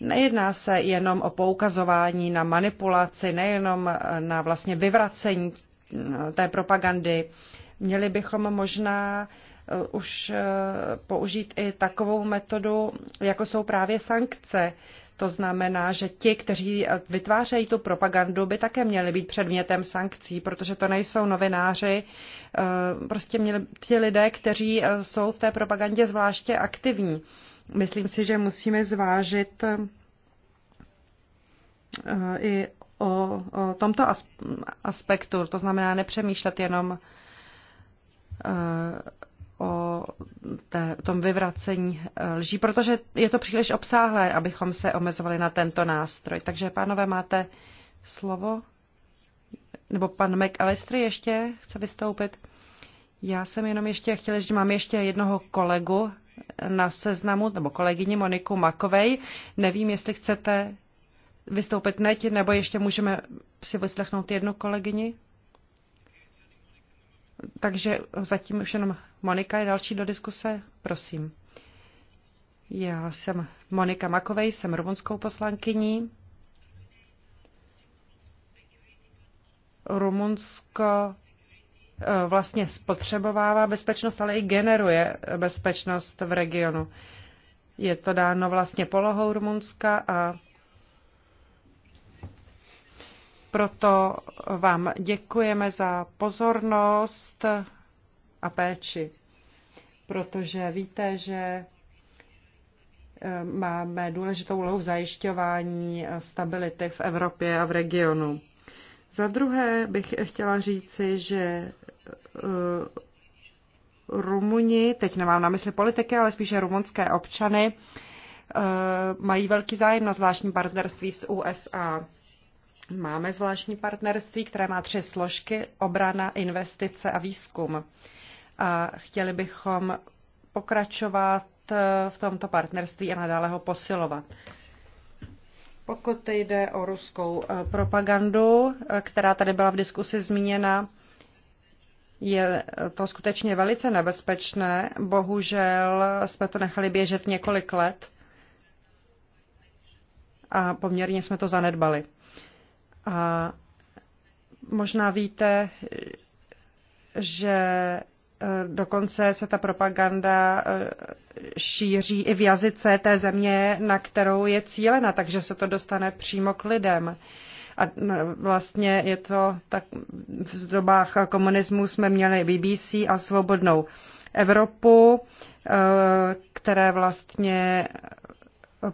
Nejedná se jenom o poukazování na manipulaci, nejenom na vlastně vyvracení té propagandy. Měli bychom možná eh, už eh, použít i takovou metodu, jako jsou právě sankce. To znamená, že ti, kteří eh, vytvářejí tu propagandu, by také měli být předmětem sankcí, protože to nejsou novináři, eh, prostě měli ti lidé, kteří eh, jsou v té propagandě zvláště aktivní. Myslím si, že musíme zvážit i o, o tomto aspektu, to znamená nepřemýšlet jenom té, tom vyvracení eh, lží, protože je to příliš obsáhlé, abychom se omezovali na tento nástroj. Takže, pánové, máte slovo? Nebo pan McAllister ještě chce vystoupit? Já jsem jenom ještě chtěla, že mám ještě jednoho kolegu na seznamu, nebo kolegyni Moniku Makovej. Nevím, jestli chcete vystoupit neď, nebo ještě můžeme si vyslechnout jednu kolegyni. Takže zatím už jenom Monika je další do diskuse. Prosím. Já jsem Monika Makovej, jsem rumunskou poslankyní. Rumunsko e, vlastně spotřebovává bezpečnost, ale i generuje bezpečnost v regionu. Je to dáno vlastně polohou Rumunska a proto vám děkujeme za pozornost a péči, protože víte, že eh, máme důležitou úlohu zajišťování stability v Evropě a v regionu. Za druhé bych chtěla říci, že eh, Rumuni, teď nemám na mysli politiky, ale spíše rumunské občany, eh, mají velký zájem na zvláštní partnerství s USA. Máme zvláštní partnerství, které má tři složky, obrana, investice a výzkum. A chtěli bychom pokračovat e, v tomto partnerství a nadále ho posilovat. Pokud jde o ruskou e, propagandu, e, která tady byla v diskusi zmíněna, je to skutečně velice nebezpečné. Bohužel jsme to nechali běžet několik let a poměrně jsme to zanedbali. A možná víte, že eh, dokonce se ta propaganda eh, šíří i v jazyce té země, na kterou je cílena, takže se to dostane přímo k lidem. A eh, vlastně je to tak, v dobách komunismu jsme měli BBC a svobodnou Evropu, které vlastně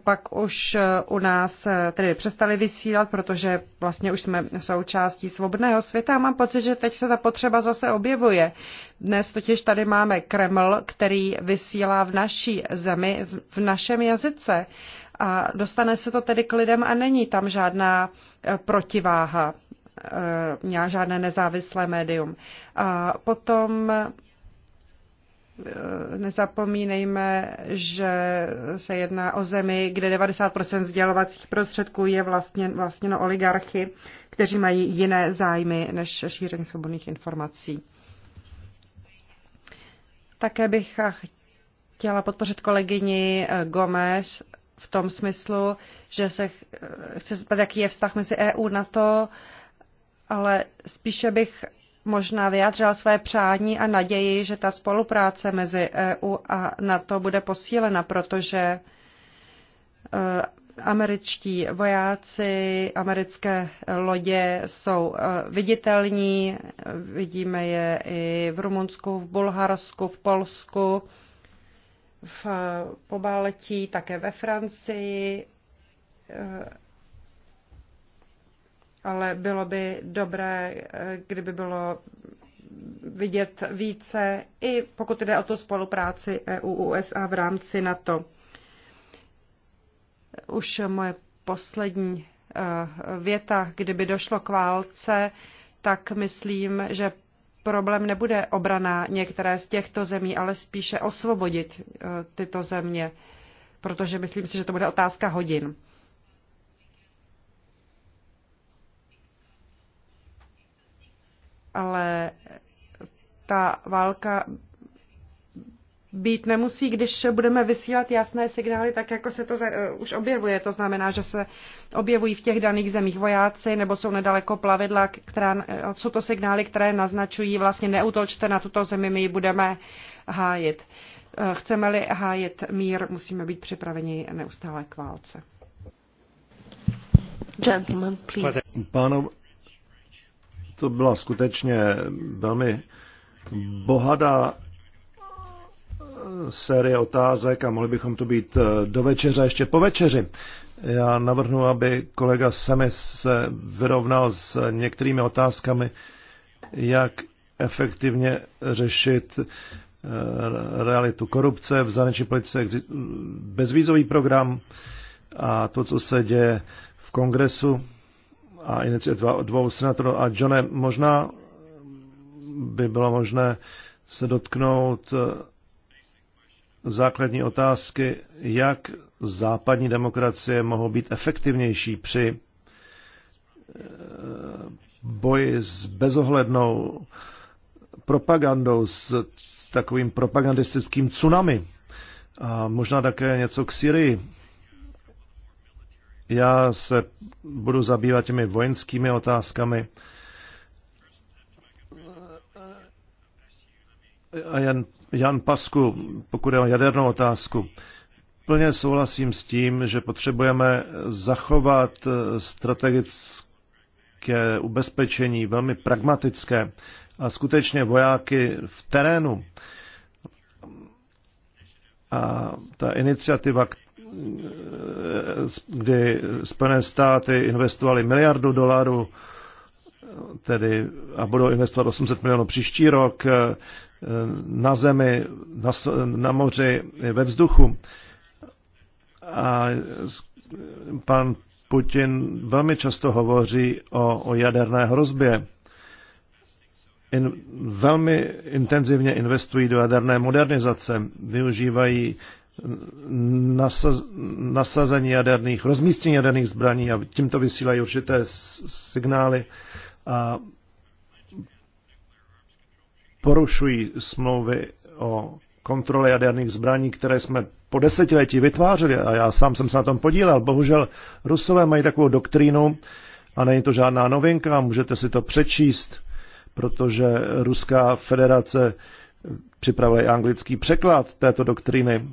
pak už eh, u nás eh, tedy přestali vysílat, protože vlastně už jsme součástí svobodného světa a mám pocit, že teď se ta potřeba zase objevuje. Dnes totiž tady máme Kreml, který vysílá v naší zemi, v našem jazyce a dostane se to tedy k lidem a není tam žádná eh, protiváha, žádné nezávislé médium. A potom Eh, nezapomínejme, že se jedná o zemi, kde 90% sdělovacích prostředků je vlastně, vlastně no oligarchy, kteří mají jiné zájmy než šíření svobodných informací. Také bych chtěla podpořit kolegyni eh, Gomez v tom smyslu, že se eh, chce zeptat, jaký je vztah mezi EU na to, ale spíše bych možná vyjádřila své přání a naději, že ta spolupráce mezi EU a NATO bude posílena, protože eh, američtí vojáci, americké lodě jsou eh, viditelní, vidíme je i v Rumunsku, v Bulharsku, v Polsku, v eh, Pobaltí, také ve Francii ale bylo by dobré, eh, kdyby bylo vidět více, i pokud jde o to spolupráci EU-USA v rámci NATO. Už moje poslední eh, věta, kdyby došlo k válce, tak myslím, že problém nebude obrana některé z těchto zemí, ale spíše osvobodit eh, tyto země, protože myslím si, že to bude otázka hodin. ale ta válka být nemusí, když budeme vysílat jasné signály, tak jako se to za, uh, už objevuje. To znamená, že se objevují v těch daných zemích vojáci nebo jsou nedaleko plavidla, která, uh, jsou to signály, které naznačují vlastně neutočte na tuto zemi, my ji budeme hájit. Uh, chceme-li hájit mír, musíme být připraveni neustále k válce. Gentlemen, please. Pánom, to byla skutečně velmi bohatá eh, série otázek a mohli bychom tu být eh, do večeře ještě po večeři. Já navrhnu, aby kolega Semis se vyrovnal s některými otázkami, jak efektivně řešit eh, realitu korupce v zahraniční politice, bezvízový program a to, co se děje v kongresu a iniciativa od dvou senátorů. A Johne, možná by bylo možné se dotknout eh, základní otázky, jak západní demokracie mohou být efektivnější při eh, boji s bezohlednou propagandou, s takovým propagandistickým tsunami. A možná také něco k Syrii já se budu zabývat těmi vojenskými otázkami. A Jan, Jan Pasku, pokud je o jadernou otázku, plně souhlasím s tím, že potřebujeme zachovat strategické ubezpečení, velmi pragmatické a skutečně vojáky v terénu. A ta iniciativa, kdy Spojené státy investovaly miliardu dolarů tedy, a budou investovat 800 milionů příští rok eh, na zemi, na, na moři, ve vzduchu. A pan Putin velmi často hovoří o, o jaderné hrozbě. In, velmi intenzivně investují do jaderné modernizace, využívají nasazení jaderných, rozmístění jaderných zbraní a tímto vysílají určité signály a porušují smlouvy o kontrole jaderných zbraní, které jsme po desetiletí vytvářeli a já sám jsem se na tom podílel. Bohužel Rusové mají takovou doktrínu a není to žádná novinka, můžete si to přečíst, protože Ruská federace připravila i anglický překlad této doktríny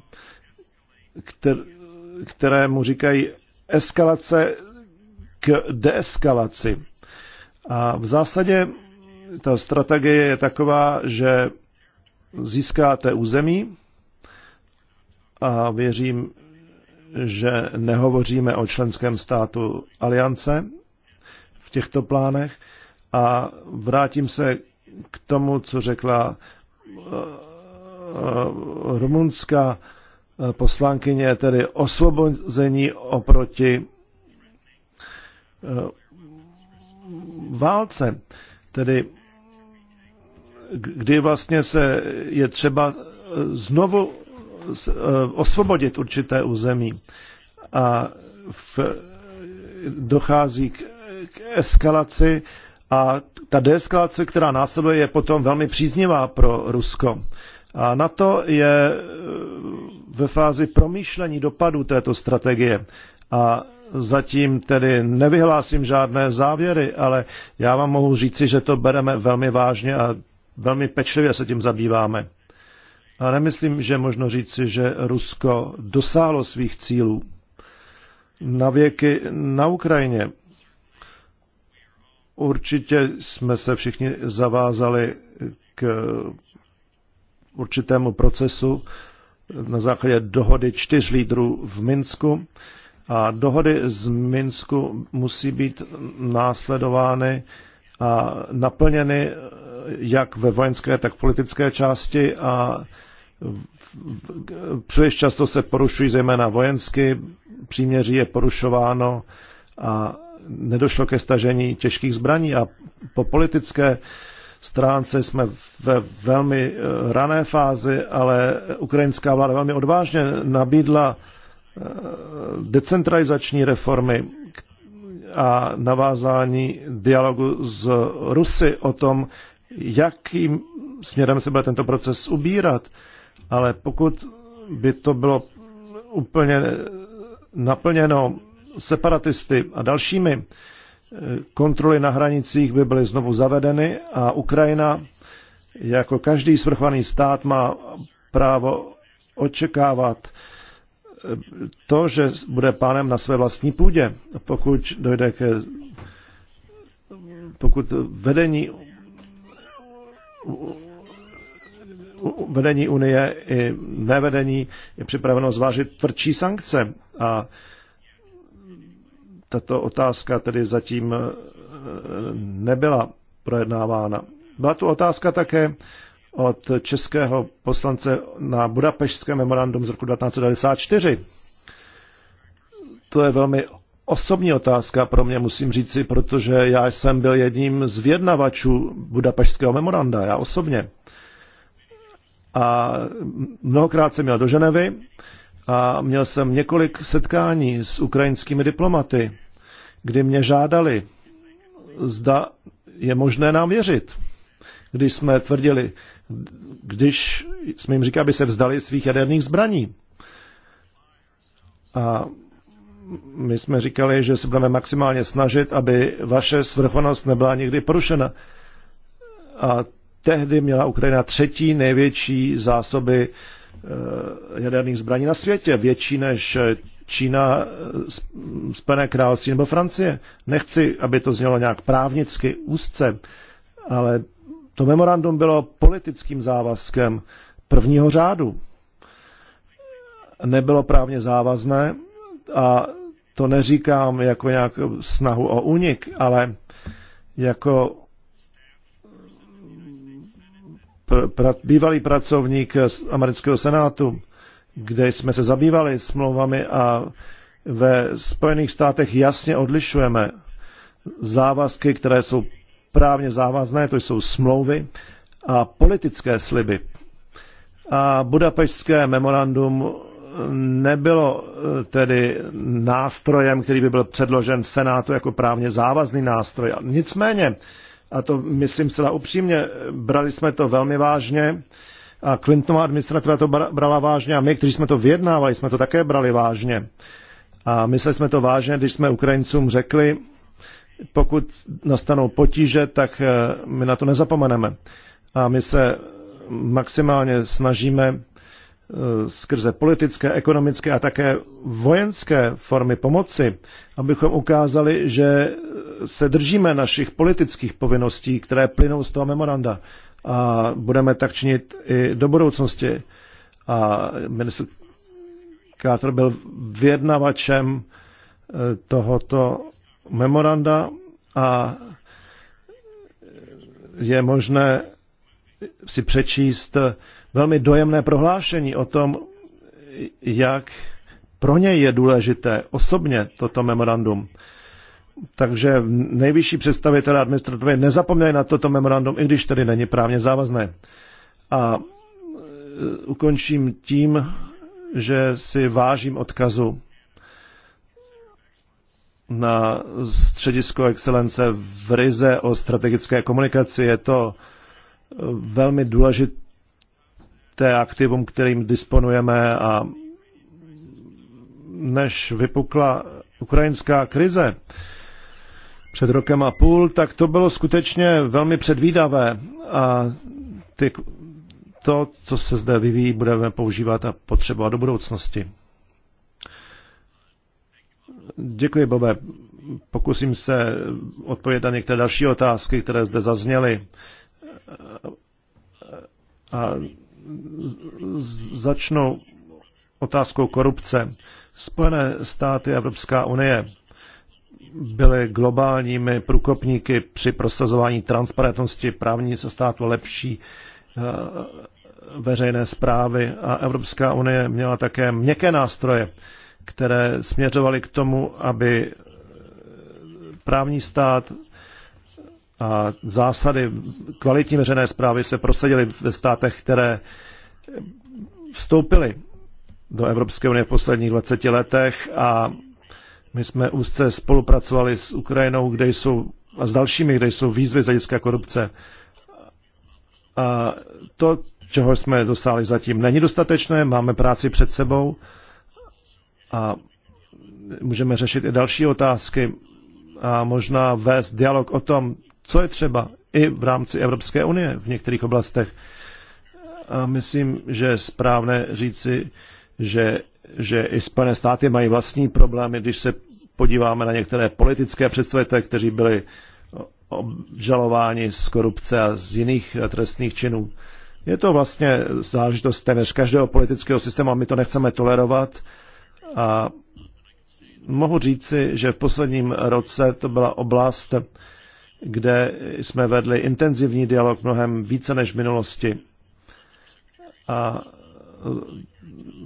kter, mu říkají eskalace k deeskalaci. A v zásadě ta strategie je taková, že získáte území a věřím, že nehovoříme o členském státu aliance v těchto plánech a vrátím se k tomu, co řekla eh, eh, rumunská Eh, poslankyně, tedy osvobození oproti eh, válce, tedy kdy vlastně se je třeba eh, znovu osvobodit určité území a v, dochází k, k eskalaci a ta deeskalace, která následuje, je potom velmi příznivá pro Rusko. A na to je e, ve fázi promýšlení dopadů této strategie. A zatím tedy nevyhlásím žádné závěry, ale já vám mohu říci, že to bereme velmi vážně a velmi pečlivě se tím zabýváme. A nemyslím, že možno říci, že Rusko dosáhlo svých cílů. Na věky na Ukrajině určitě jsme se všichni zavázali k určitému procesu na základě dohody čtyř lídrů v Minsku. A dohody z Minsku musí být následovány a naplněny jak ve vojenské, tak v politické části a příliš často se porušují zejména vojensky, příměří je porušováno a nedošlo ke stažení těžkých zbraní a po politické stránce jsme ve velmi eh, rané fázi, ale ukrajinská vláda velmi odvážně nabídla eh, decentralizační reformy a navázání dialogu s Rusy o tom, jakým směrem se bude tento proces ubírat. Ale pokud by to bylo úplně naplněno separatisty a dalšími, kontroly na hranicích by byly znovu zavedeny a Ukrajina jako každý svrchovaný stát má právo očekávat eh, to, že bude pánem na své vlastní půdě. Pokud dojde ke pokud vedení vedení Unie i nevedení je připraveno zvážit tvrdší sankce a tato otázka tedy zatím eh, nebyla projednávána. Byla tu otázka také od českého poslance na Budapešské memorandum z roku 1994. To je velmi osobní otázka pro mě, musím říci, protože já jsem byl jedním z vědnavačů Budapešského memoranda, já osobně. A mnohokrát jsem měl do Ženevy a měl jsem několik setkání s ukrajinskými diplomaty kdy mě žádali, zda je možné nám věřit. Když jsme tvrdili, když jsme jim říkali, aby se vzdali svých jaderných zbraní. A my jsme říkali, že se budeme maximálně snažit, aby vaše svrchovanost nebyla nikdy porušena. A tehdy měla Ukrajina třetí největší zásoby Eh, jaderných zbraní na světě, větší než eh, Čína, eh, Spojené království nebo Francie. Nechci, aby to znělo nějak právnicky, úzce, ale to memorandum bylo politickým závazkem prvního řádu. Nebylo právně závazné a to neříkám jako nějak snahu o únik, ale jako pra, bývalý pracovník amerického senátu, kde jsme se zabývali smlouvami a ve Spojených státech jasně odlišujeme závazky, které jsou právně závazné, to jsou smlouvy a politické sliby. A budapešské memorandum nebylo eh, tedy nástrojem, který by byl předložen Senátu jako právně závazný nástroj. Nicméně a to myslím se upřímně, brali jsme to velmi vážně a Clintonova administrativa to brala vážně a my, kteří jsme to vyjednávali, jsme to také brali vážně. A mysleli jsme to vážně, když jsme Ukrajincům řekli, pokud nastanou potíže, tak eh, my na to nezapomeneme. A my se maximálně snažíme Eh, skrze politické, ekonomické a také vojenské formy pomoci, abychom ukázali, že se držíme našich politických povinností, které plynou z toho memoranda a budeme tak činit i do budoucnosti. A minister Carter byl vyjednavačem eh, tohoto memoranda a je možné si přečíst velmi dojemné prohlášení o tom, jak pro něj je důležité osobně toto memorandum. Takže nejvyšší představitelé administrativy nezapomněli na toto memorandum, i když tedy není právně závazné. A e, ukončím tím, že si vážím odkazu na středisko excelence v Rize o strategické komunikaci. Je to e, velmi důležité té aktivum, kterým disponujeme a než vypukla ukrajinská krize před rokem a půl, tak to bylo skutečně velmi předvídavé a ty, to, co se zde vyvíjí, budeme používat a potřebovat do budoucnosti. Děkuji, Bobe. Pokusím se odpovědět na některé další otázky, které zde zazněly. A začnu otázkou korupce. Spojené státy a Evropská unie byly globálními průkopníky při prosazování transparentnosti právní státu lepší eh, veřejné zprávy a Evropská unie měla také měkké nástroje, které směřovaly k tomu, aby právní stát a zásady kvalitní veřejné zprávy se prosadily ve státech, které vstoupily do Evropské unie v posledních 20 letech a my jsme úzce spolupracovali s Ukrajinou, kde jsou, a s dalšími, kde jsou výzvy z hlediska korupce. A to, čeho jsme dostali zatím, není dostatečné, máme práci před sebou a můžeme řešit i další otázky a možná vést dialog o tom, co je třeba i v rámci Evropské unie v některých oblastech. A myslím, že je správné říci, že, že i Spojené státy mají vlastní problémy, když se podíváme na některé politické představitele, kteří byli obžalováni z korupce a z jiných trestných činů. Je to vlastně záležitost téměř každého politického systému a my to nechceme tolerovat. A mohu říci, že v posledním roce to byla oblast, kde jsme vedli intenzivní dialog mnohem více než v minulosti. A e,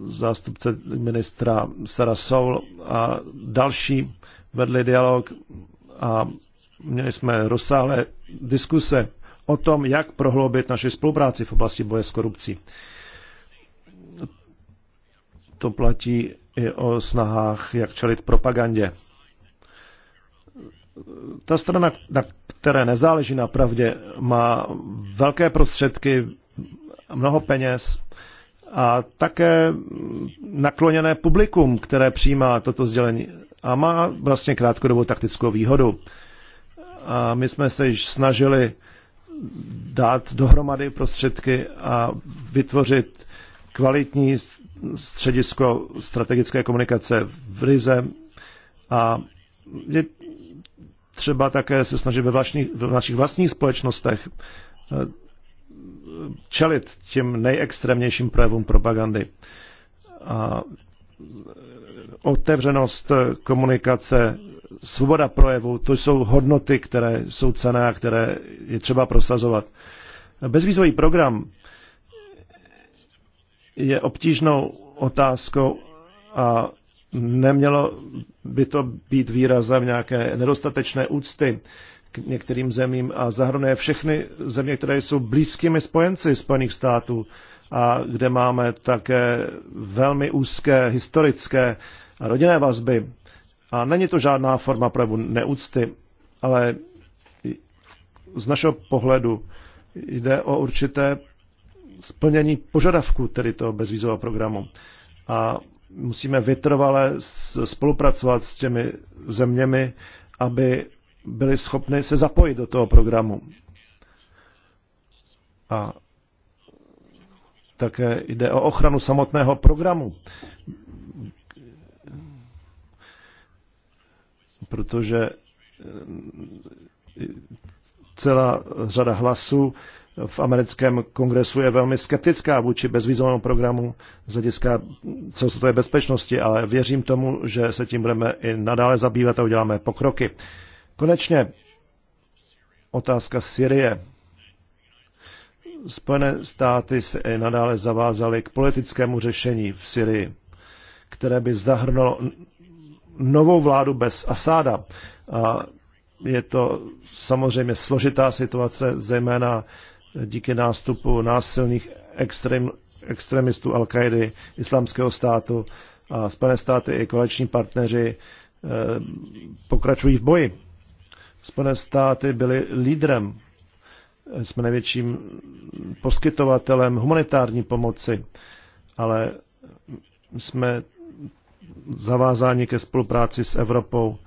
zástupce ministra Sara Soul a další vedli dialog a měli jsme rozsáhlé diskuse o tom, jak prohloubit naši spolupráci v oblasti boje s korupcí. To platí i o snahách, jak čelit propagandě ta strana, na které nezáleží na pravdě, má velké prostředky, mnoho peněz a také nakloněné publikum, které přijímá toto sdělení a má vlastně krátkodobou taktickou výhodu. A my jsme se již snažili dát dohromady prostředky a vytvořit kvalitní středisko strategické komunikace v Rize a je třeba také se snažit ve, vlastní, ve našich vlastních společnostech eh, čelit těm nejextrémnějším projevům propagandy. A eh, otevřenost eh, komunikace, svoboda projevu, to jsou hodnoty, které jsou cené a které je třeba prosazovat. Bezvýzový program je obtížnou otázkou a Nemělo by to být výrazem nějaké nedostatečné úcty k některým zemím a zahrnuje všechny země, které jsou blízkými spojenci Spojených států a kde máme také velmi úzké historické a rodinné vazby. A není to žádná forma projevu neúcty, ale z našeho pohledu jde o určité splnění požadavků tedy toho bezvízového programu. A musíme vytrvale spolupracovat s těmi zeměmi, aby byli schopni se zapojit do toho programu. A také jde o ochranu samotného programu. Protože eh, celá řada hlasů v americkém kongresu je velmi skeptická vůči bezvízovému programu z hlediska celosvětové bezpečnosti, ale věřím tomu, že se tím budeme i nadále zabývat a uděláme pokroky. Konečně otázka Syrie. Spojené státy se i nadále zavázaly k politickému řešení v Syrii, které by zahrnulo novou vládu bez Asáda. A je to samozřejmě složitá situace, zejména díky nástupu násilných extrém, extremistů al qaidi islámského státu a Spojené státy i koleční partneři eh, pokračují v boji. Spojené státy byly lídrem, jsme největším poskytovatelem humanitární pomoci, ale jsme zavázáni ke spolupráci s Evropou,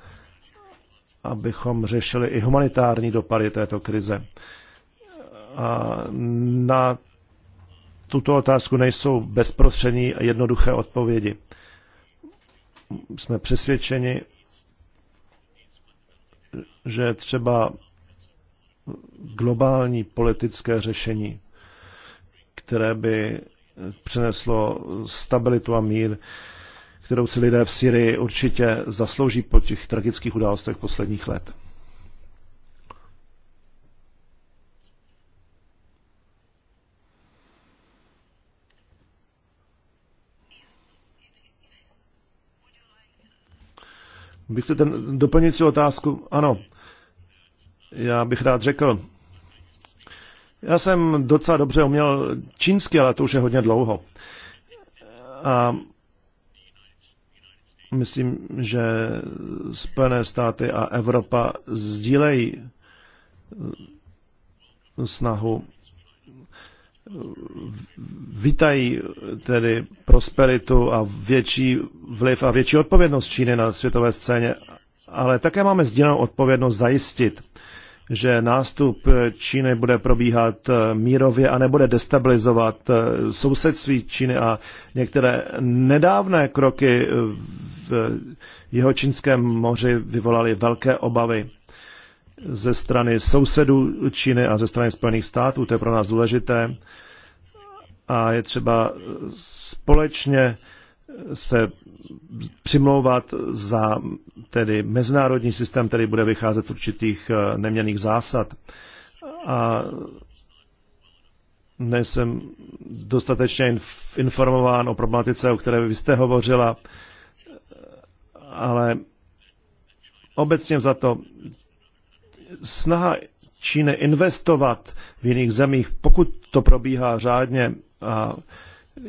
abychom řešili i humanitární dopady této krize. A na tuto otázku nejsou bezprostřední a jednoduché odpovědi. Jsme přesvědčeni, že třeba globální politické řešení, které by přineslo stabilitu a mír, kterou si lidé v Syrii určitě zaslouží po těch tragických událostech posledních let. se ten doplňující otázku? Ano. Já bych rád řekl. Já jsem docela dobře uměl čínsky, ale to už je hodně dlouho. A myslím, že Spojené státy a Evropa sdílejí snahu vítají tedy prosperitu a větší vliv a větší odpovědnost Číny na světové scéně, ale také máme sdílenou odpovědnost zajistit, že nástup Číny bude probíhat mírově a nebude destabilizovat sousedství Číny a některé nedávné kroky v jeho čínském moři vyvolaly velké obavy ze strany sousedů Číny a ze strany Spojených států. To je pro nás důležité. A je třeba společně se přimlouvat za tedy mezinárodní systém, který bude vycházet z určitých eh, neměných zásad. A nejsem dostatečně informován o problematice, o které vy jste hovořila, ale obecně za to snaha Číny investovat v jiných zemích, pokud to probíhá řádně a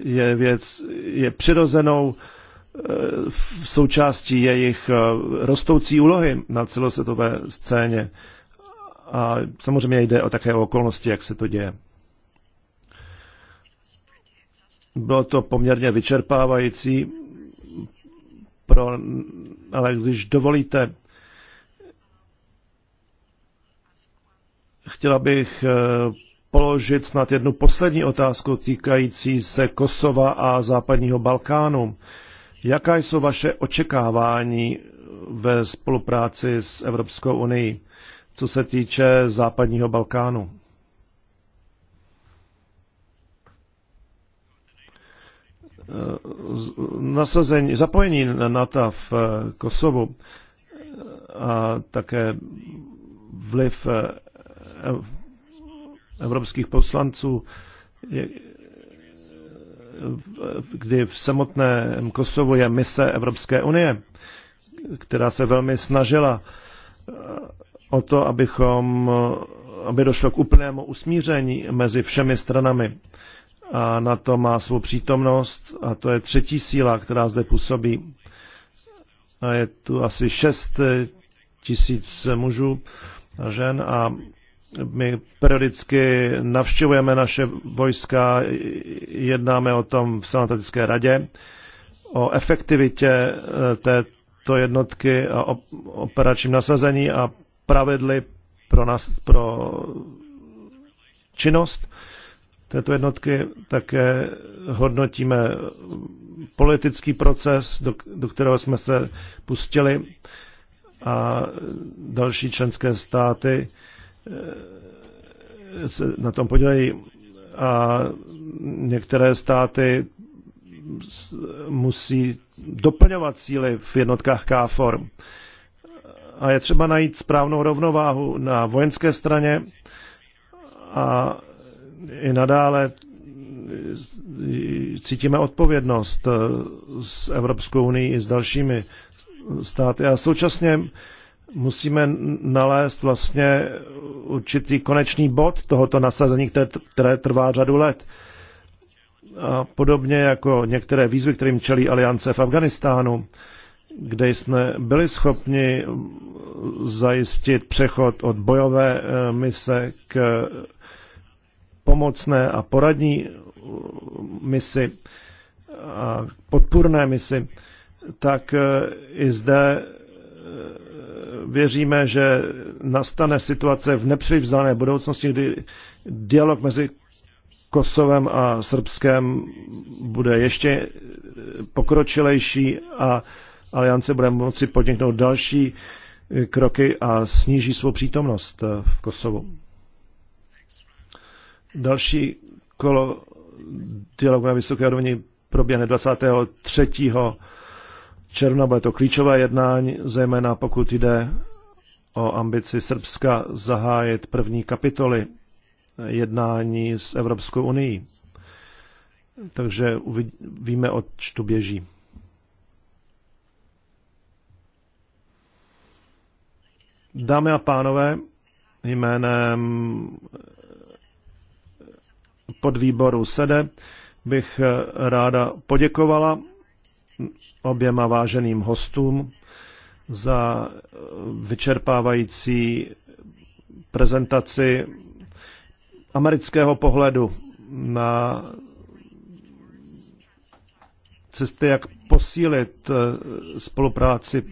je věc, je přirozenou eh, v součástí jejich eh, rostoucí úlohy na celosvětové scéně. A samozřejmě jde o také o okolnosti, jak se to děje. Bylo to poměrně vyčerpávající, pro, ale když dovolíte, Chtěla bych eh, položit snad jednu poslední otázku týkající se Kosova a západního Balkánu. Jaká jsou vaše očekávání eh, ve spolupráci s Evropskou unii, co se týče západního Balkánu? Eh, nasazení, zapojení NATO v Kosovu a také vliv Eh, evropských poslanců, kdy v samotném Kosovu je mise Evropské unie, která se velmi snažila eh, o to, abychom, eh, aby došlo k úplnému usmíření mezi všemi stranami. A na to má svou přítomnost a to je třetí síla, která zde působí. A je tu asi šest tisíc mužů a žen a my periodicky navštěvujeme naše vojska, jednáme o tom v sanatatické radě, o efektivitě e, této jednotky a operačním nasazení a pravidly pro, nas, pro činnost této jednotky. Také hodnotíme politický proces, do, do kterého jsme se pustili a další členské státy Eh, se na tom podílejí a některé státy musí doplňovat síly v jednotkách KFOR. A je třeba najít správnou rovnováhu na vojenské straně a i nadále cítíme odpovědnost s Evropskou unii i s dalšími státy. A současně musíme nalézt vlastně určitý konečný bod tohoto nasazení, které, které trvá řadu let. A podobně jako některé výzvy, kterým čelí aliance v Afganistánu, kde jsme byli schopni zajistit přechod od bojové eh, mise k pomocné a poradní eh, misi a podpůrné misi, tak eh, i zde věříme, že nastane situace v nepřivzané budoucnosti, kdy dialog mezi Kosovem a Srbskem bude ještě pokročilejší a aliance bude moci podniknout další kroky a sníží svou přítomnost v Kosovu. Další kolo dialogu na vysoké úrovni proběhne 23 června bude to klíčové jednání, zejména pokud jde o ambici Srbska zahájit první kapitoly jednání s Evropskou unii. Takže víme, od čtu běží. Dámy a pánové, jménem podvýboru SEDE bych ráda poděkovala oběma váženým hostům za vyčerpávající prezentaci amerického pohledu na cesty, jak posílit eh, spolupráci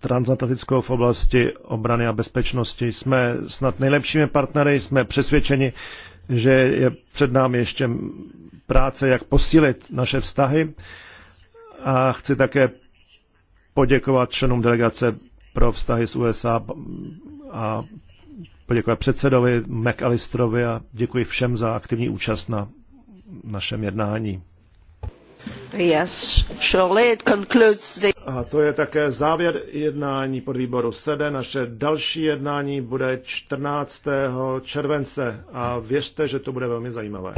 transatlantickou v oblasti obrany a bezpečnosti. Jsme snad nejlepšími partnery, jsme přesvědčeni, že je před námi ještě práce, jak posílit naše vztahy a chci také poděkovat členům delegace pro vztahy s USA a poděkovat předsedovi McAllisterovi a děkuji všem za aktivní účast na našem jednání. Yes, surely it concludes the... A to je také závěr jednání pod výboru SEDE. Naše další jednání bude 14. července a věřte, že to bude velmi zajímavé.